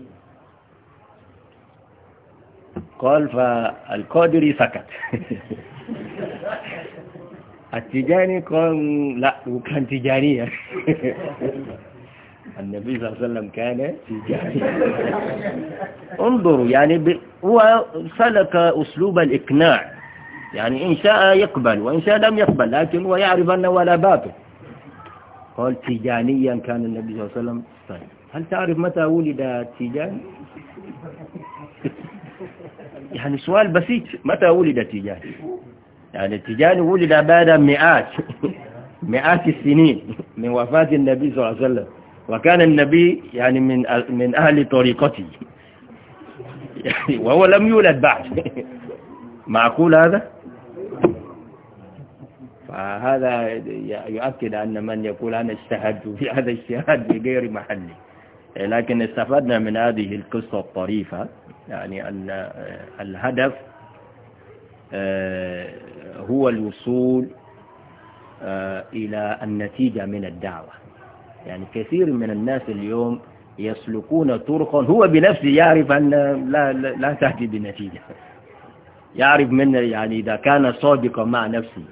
قال فالقادري سكت التجاني قال لا وكان تجانيا النبي صلى الله عليه وسلم كان تجاني انظروا يعني ب... هو سلك أسلوب الإقناع يعني إن شاء يقبل وإن شاء لم يقبل لكن هو يعرف أنه ولا باطل قال تيجانيا كان النبي صلى الله عليه وسلم طيب هل تعرف متى ولد تيجان يعني سؤال بسيط متى ولد تيجان يعني تيجان ولد بعد مئات مئات السنين من وفاة النبي صلى الله عليه وسلم وكان النبي يعني من من أهل طريقته يعني وهو لم يولد بعد معقول هذا هذا يؤكد أن من يقول أنا اجتهدت في هذا اجتهاد بغير محلي لكن استفدنا من هذه القصة الطريفة يعني أن آه، الهدف آه، هو الوصول آه، إلى النتيجة من الدعوة يعني كثير من الناس اليوم يسلكون طرقا هو بنفسه يعرف أن لا, لا, لا تأتي بنتيجة يعرف من يعني إذا كان صادقا مع نفسه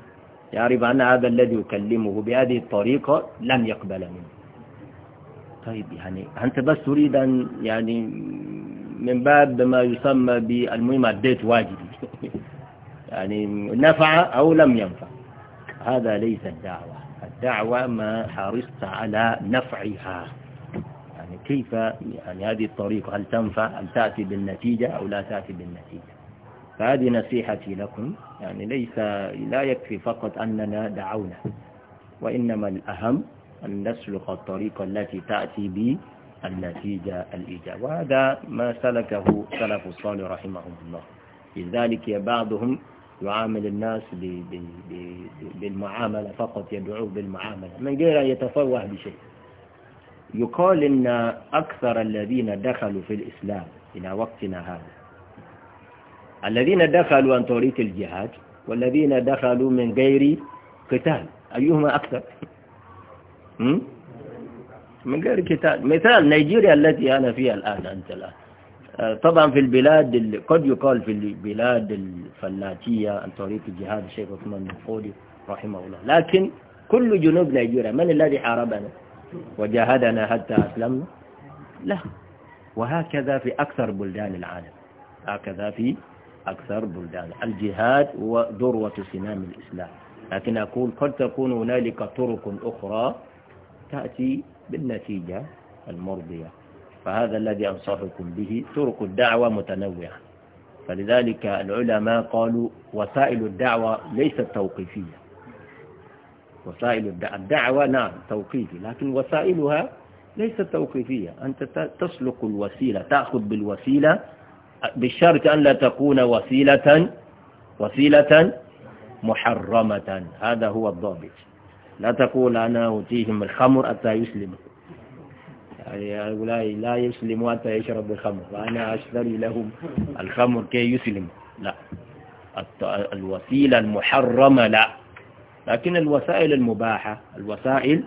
يعرف أن هذا الذي يكلمه بهذه الطريقة لم يقبل منه طيب يعني أنت بس تريد أن يعني من باب ما يسمى بالمهمة أديت واجبي يعني نفع أو لم ينفع هذا ليس الدعوة الدعوة ما حرصت على نفعها يعني كيف يعني هذه الطريقة هل تنفع هل تأتي بالنتيجة أو لا تأتي بالنتيجة فهذه نصيحتي لكم يعني ليس لا يكفي فقط أننا دعونا وإنما الأهم أن نسلك الطريق التي تأتي ب النتيجة الإيجابية وهذا ما سلكه سلف الصالح رحمهم الله لذلك بعضهم يعامل الناس بالمعاملة فقط يدعوه بالمعاملة من غير أن يتفوه بشيء يقال إن أكثر الذين دخلوا في الإسلام إلى وقتنا هذا الذين دخلوا عن طريق الجهاد والذين دخلوا من غير قتال أيهما أكثر من غير قتال مثال نيجيريا التي أنا فيها الآن أنت الآن آه، طبعا في البلاد قد يقال في البلاد الفلاتية عن طريق الجهاد الشيخ عثمان بن رحمه الله لكن كل جنوب نيجيريا من الذي حاربنا وجاهدنا حتى أسلمنا لا وهكذا في أكثر بلدان العالم هكذا في أكثر بلدان الجهاد هو ذروة سنام الإسلام لكن أقول قد تكون هنالك طرق أخرى تأتي بالنتيجة المرضية فهذا الذي أنصحكم به طرق الدعوة متنوعة فلذلك العلماء قالوا وسائل الدعوة ليست توقيفية وسائل الدعوة نعم توقيفي لكن وسائلها ليست توقيفية أنت تسلق الوسيلة تأخذ بالوسيلة بشرط أن لا تكون وسيلة وسيلة محرمة هذا هو الضابط لا تقول أنا أوتيهم الخمر حتى يسلموا يعني لا يسلموا حتى يشربوا الخمر وأنا أشتري لهم الخمر كي يسلموا لا الوسيلة المحرمة لا لكن الوسائل المباحة الوسائل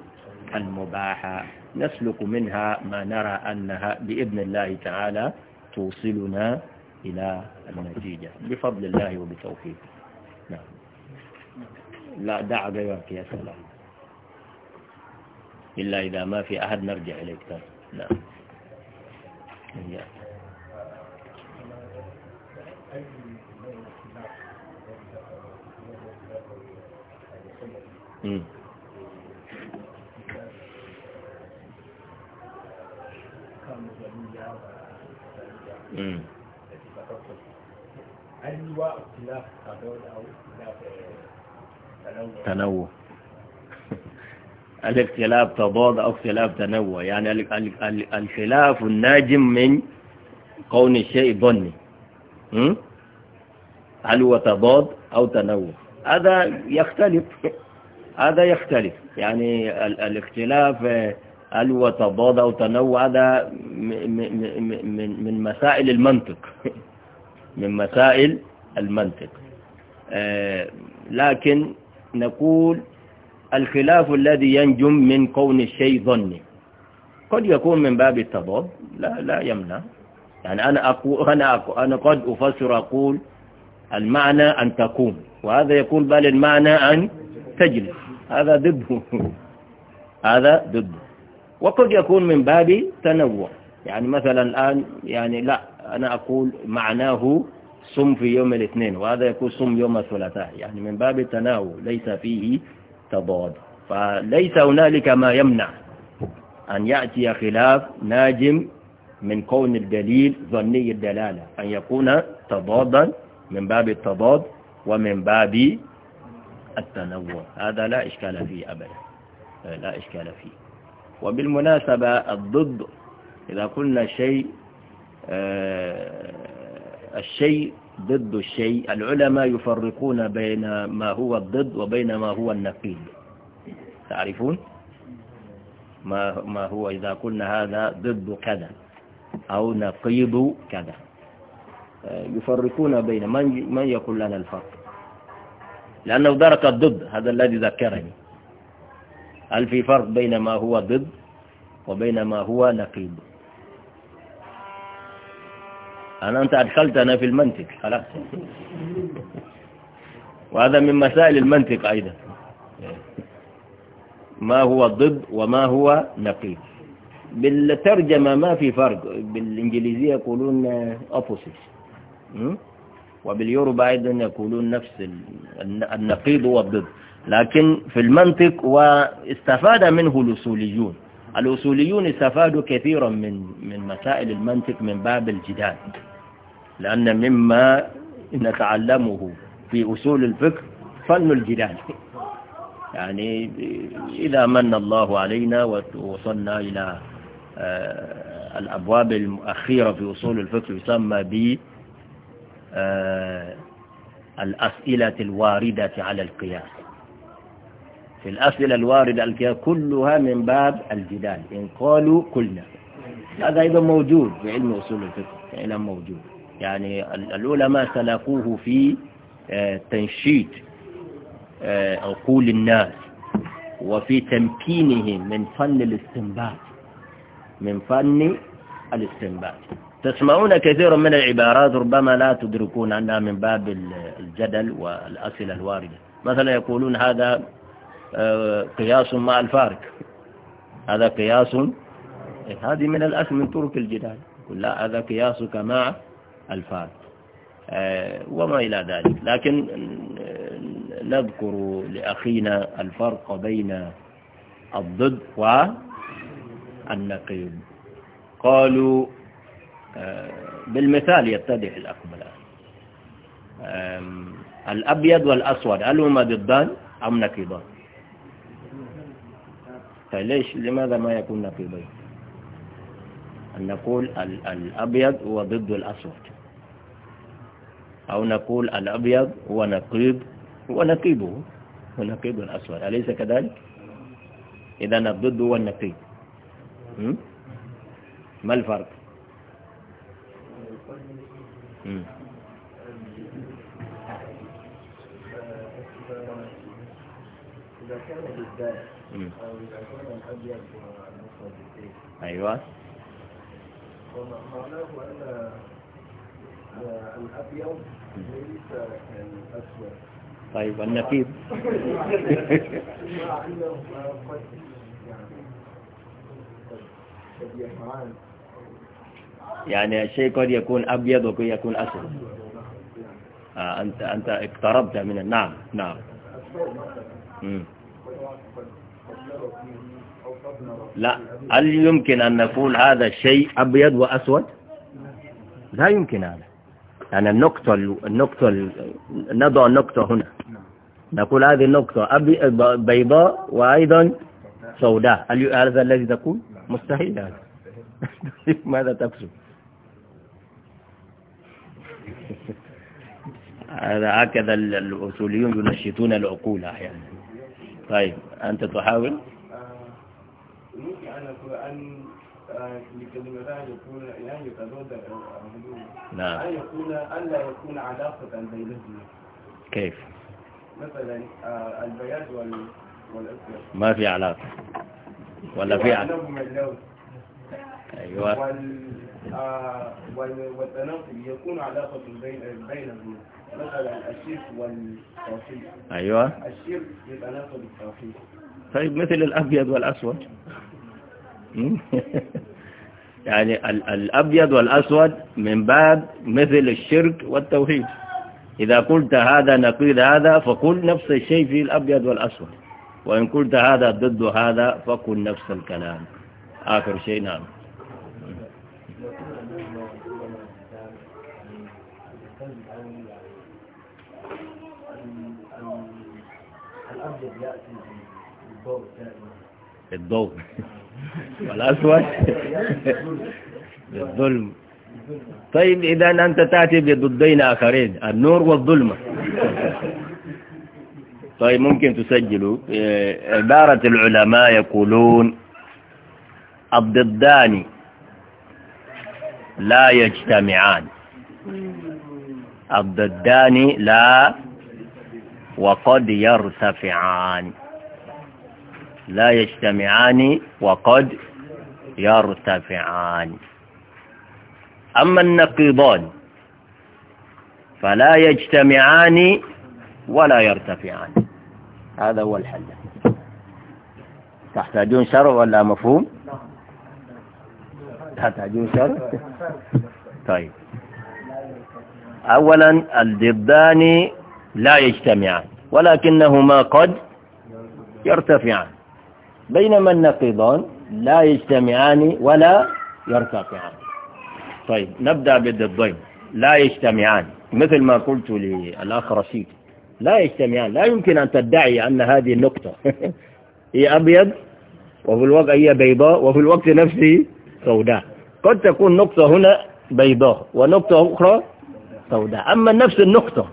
المباحة نسلك منها ما نرى أنها بإذن الله تعالى توصلنا إلى النتيجة بفضل الله وبتوفيقه نعم لا دع غيرك يا سلام إلا إذا ما في أحد نرجع إليك تاني نعم Mm-hmm. هل هو اختلاف أو اختلاف تنوع تنوع الاختلاف تضاد أو اختلاف تنوع يعني ال ال ال الخلاف الناجم من كون الشيء ظني هل هو تضاد أو تنوع هذا يختلف هذا يختلف يعني الاختلاف قال وتضاد أو تنوع ده من, من مسائل المنطق من مسائل المنطق آه، لكن نقول الخلاف الذي ينجم من كون الشيء ظني قد يكون من باب التضاد لا لا يمنع يعني أنا أقول أنا أقول أنا قد أفسر أقول المعنى أن تقوم وهذا يقول بل المعنى أن تجلس هذا ضده هذا ضده وقد يكون من باب تنوع يعني مثلا الآن يعني لا أنا أقول معناه صم في يوم الاثنين وهذا يكون صم يوم الثلاثاء يعني من باب التناو ليس فيه تضاد فليس هنالك ما يمنع أن يأتي خلاف ناجم من كون الدليل ظني الدلالة أن يكون تضادا من باب التضاد ومن باب التنوع هذا لا إشكال فيه أبدا لا إشكال فيه وبالمناسبة الضد إذا قلنا شيء آه، الشيء ضد الشيء العلماء يفرقون بين ما هو الضد وبين ما هو النقيض تعرفون ما ما هو إذا قلنا هذا ضد كذا أو نقيض كذا آه، يفرقون بين من من يقول لنا الفرق لأنه درك الضد هذا الذي ذكرني هل في فرق بين ما هو ضد وبين ما هو نقيض أنا أنت أدخلتنا في المنطق خلاص وهذا من مسائل المنطق أيضا ما هو ضد وما هو نقيض بالترجمة ما في فرق بالإنجليزية يقولون opposite وباليوروبا أيضا يقولون نفس النقيض والضد لكن في المنطق واستفاد منه الأصوليون الأصوليون استفادوا كثيرا من من مسائل المنطق من باب الجدال لأن مما نتعلمه في أصول الفقه فن الجدال يعني إذا من الله علينا ووصلنا إلى آه، الأبواب الأخيرة في أصول الفقه يسمى ب آه، الأسئلة الواردة على القياس في الأسئلة الواردة كلها من باب الجدال إن قالوا كلنا هذا أيضا موجود في علم أصول الفقه علم موجود يعني العلماء سلقوه في آه، تنشيط آه، عقول الناس وفي تمكينهم من فن الاستنباط من فن الاستنباط تسمعون كثيرا من العبارات ربما لا تدركون أنها من باب الجدل والأسئلة الواردة مثلا يقولون هذا آه، قياس مع الفارق هذا قياس إيه، هذه من الأس من طرق الجدال لا هذا قياسك مع الفارق آه، وما إلى ذلك لكن آه، نذكر لأخينا الفرق بين الضد والنقيض قالوا بالمثال يتضح الأقبل الأبيض والأسود هل هما ضدان أم نقيضان فليش لماذا ما يكون في بيت أن نقول الأبيض هو ضد الأسود أو نقول الأبيض هو نقيض هو نقيضه هو نقيض الأسود أليس كذلك إذا الضد هو النقيض ما الفرق مم. إذا كان أو إذا كان الأبيض أيوة معناه أن الأبيض ليس كالأسود طيب النقيب يعني الشيء قد يكون أبيض وقد يكون أسود آه أنت أنت اقتربت من النعم نعم لا هل يمكن أن نقول هذا الشيء أبيض وأسود لا يمكن هذا يعني النقطة النقطة نضع النقطة هنا نقول هذه النقطة بيضاء وأيضا سوداء هل هذا الذي تقول مستحيل هذا ماذا تقصد هذا هكذا الأصوليون ينشطون العقول أحيانا طيب أنت تحاول ممكن أن أن لكلمتان يكون أن يتضاد نعم أن يكون أن لا يكون علاقة بينهما كيف؟ مثلا البياض وال والأسود ما في علاقة ولا في علاقة أيوة وال والتناقض يكون علاقة بين بينهما مثلا الشرك والتوحيد أيوة الشرك بالتوحيد طيب مثل الأبيض والأسود يعني الأبيض والأسود من باب مثل الشرك والتوحيد إذا قلت هذا نقيض هذا فقل نفس الشيء في الأبيض والأسود وإن قلت هذا ضد هذا فقل نفس الكلام آخر شيء نعم الضوء والأسود بالظلم طيب إذا أنت تأتي بضدين آخرين النور والظلمة طيب ممكن تسجلوا عبارة العلماء يقولون الضدان لا يجتمعان الضدان لا وقد يرتفعان لا يجتمعان وقد يرتفعان أما النقيضان فلا يجتمعان ولا يرتفعان هذا هو الحل تحتاجون شرع ولا مفهوم تحتاجون شرع طيب أولا الضدان لا يجتمعان ولكنهما قد يرتفعان بينما النقيضان لا يجتمعان ولا يرتفعان طيب نبدأ بالضدين لا يجتمعان مثل ما قلت للأخ رشيد لا يجتمعان لا يمكن أن تدعي أن هذه النقطة هي أبيض وفي الوقت هي بيضاء وفي الوقت نفسه سوداء قد تكون نقطة هنا بيضاء ونقطة أخرى سوداء أما نفس النقطة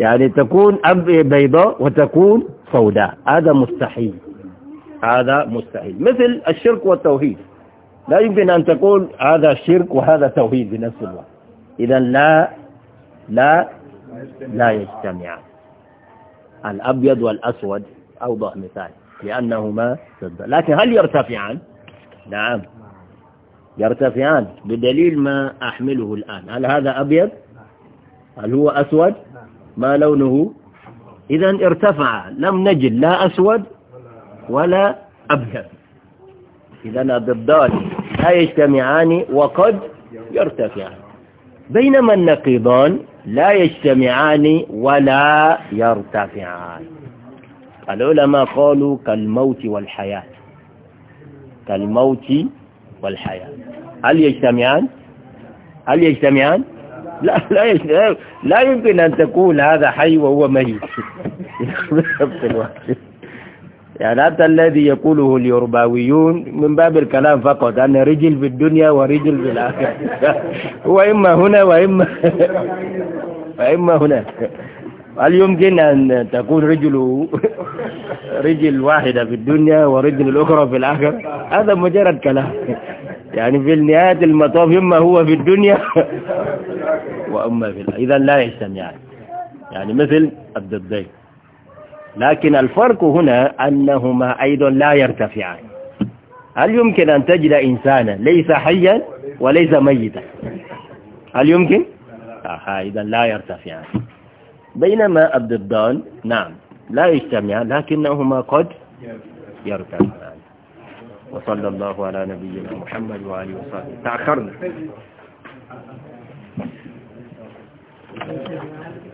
يعني تكون بيضاء وتكون سوداء هذا مستحيل هذا مستحيل مثل الشرك والتوحيد لا يمكن أن تقول هذا شرك وهذا توحيد بنفس الوقت إذا لا لا لا يجتمعان الأبيض والأسود أوضح مثال لأنهما سد لكن هل يرتفعان نعم يرتفعان بدليل ما أحمله الآن هل هذا أبيض هل هو أسود ما لونه إذا ارتفع لم نجد لا أسود ولا أبيض إذا الضدان لا يجتمعان وقد يرتفعان بينما النقيضان لا يجتمعان ولا يرتفعان العلماء قالوا كالموت والحياة كالموت والحياة هل يجتمعان هل يجتمعان لا لا لا يمكن أن تقول هذا حي وهو ميت يعني حتى الذي يقوله اليرباويون من باب الكلام فقط أن رجل في الدنيا ورجل في الآخرة هو إما هنا وإما وإما هنا هل يمكن أن تكون رجله رجل واحدة في الدنيا ورجل الأخرى في الآخرة هذا مجرد كلام يعني في نهاية المطاف إما هو في الدنيا وأما في إذا لا يحسن يعني يعني مثل الضدين لكن الفرق هنا أنهما أيضا لا يرتفعان هل يمكن أن تجد إنسانا ليس حيا وليس ميتا هل يمكن؟ آه إذا لا يرتفعان بينما الضدان نعم لا يجتمعان لكنهما قد يرتفعان وصلى الله على نبينا محمد اله وصحبه تأخرنا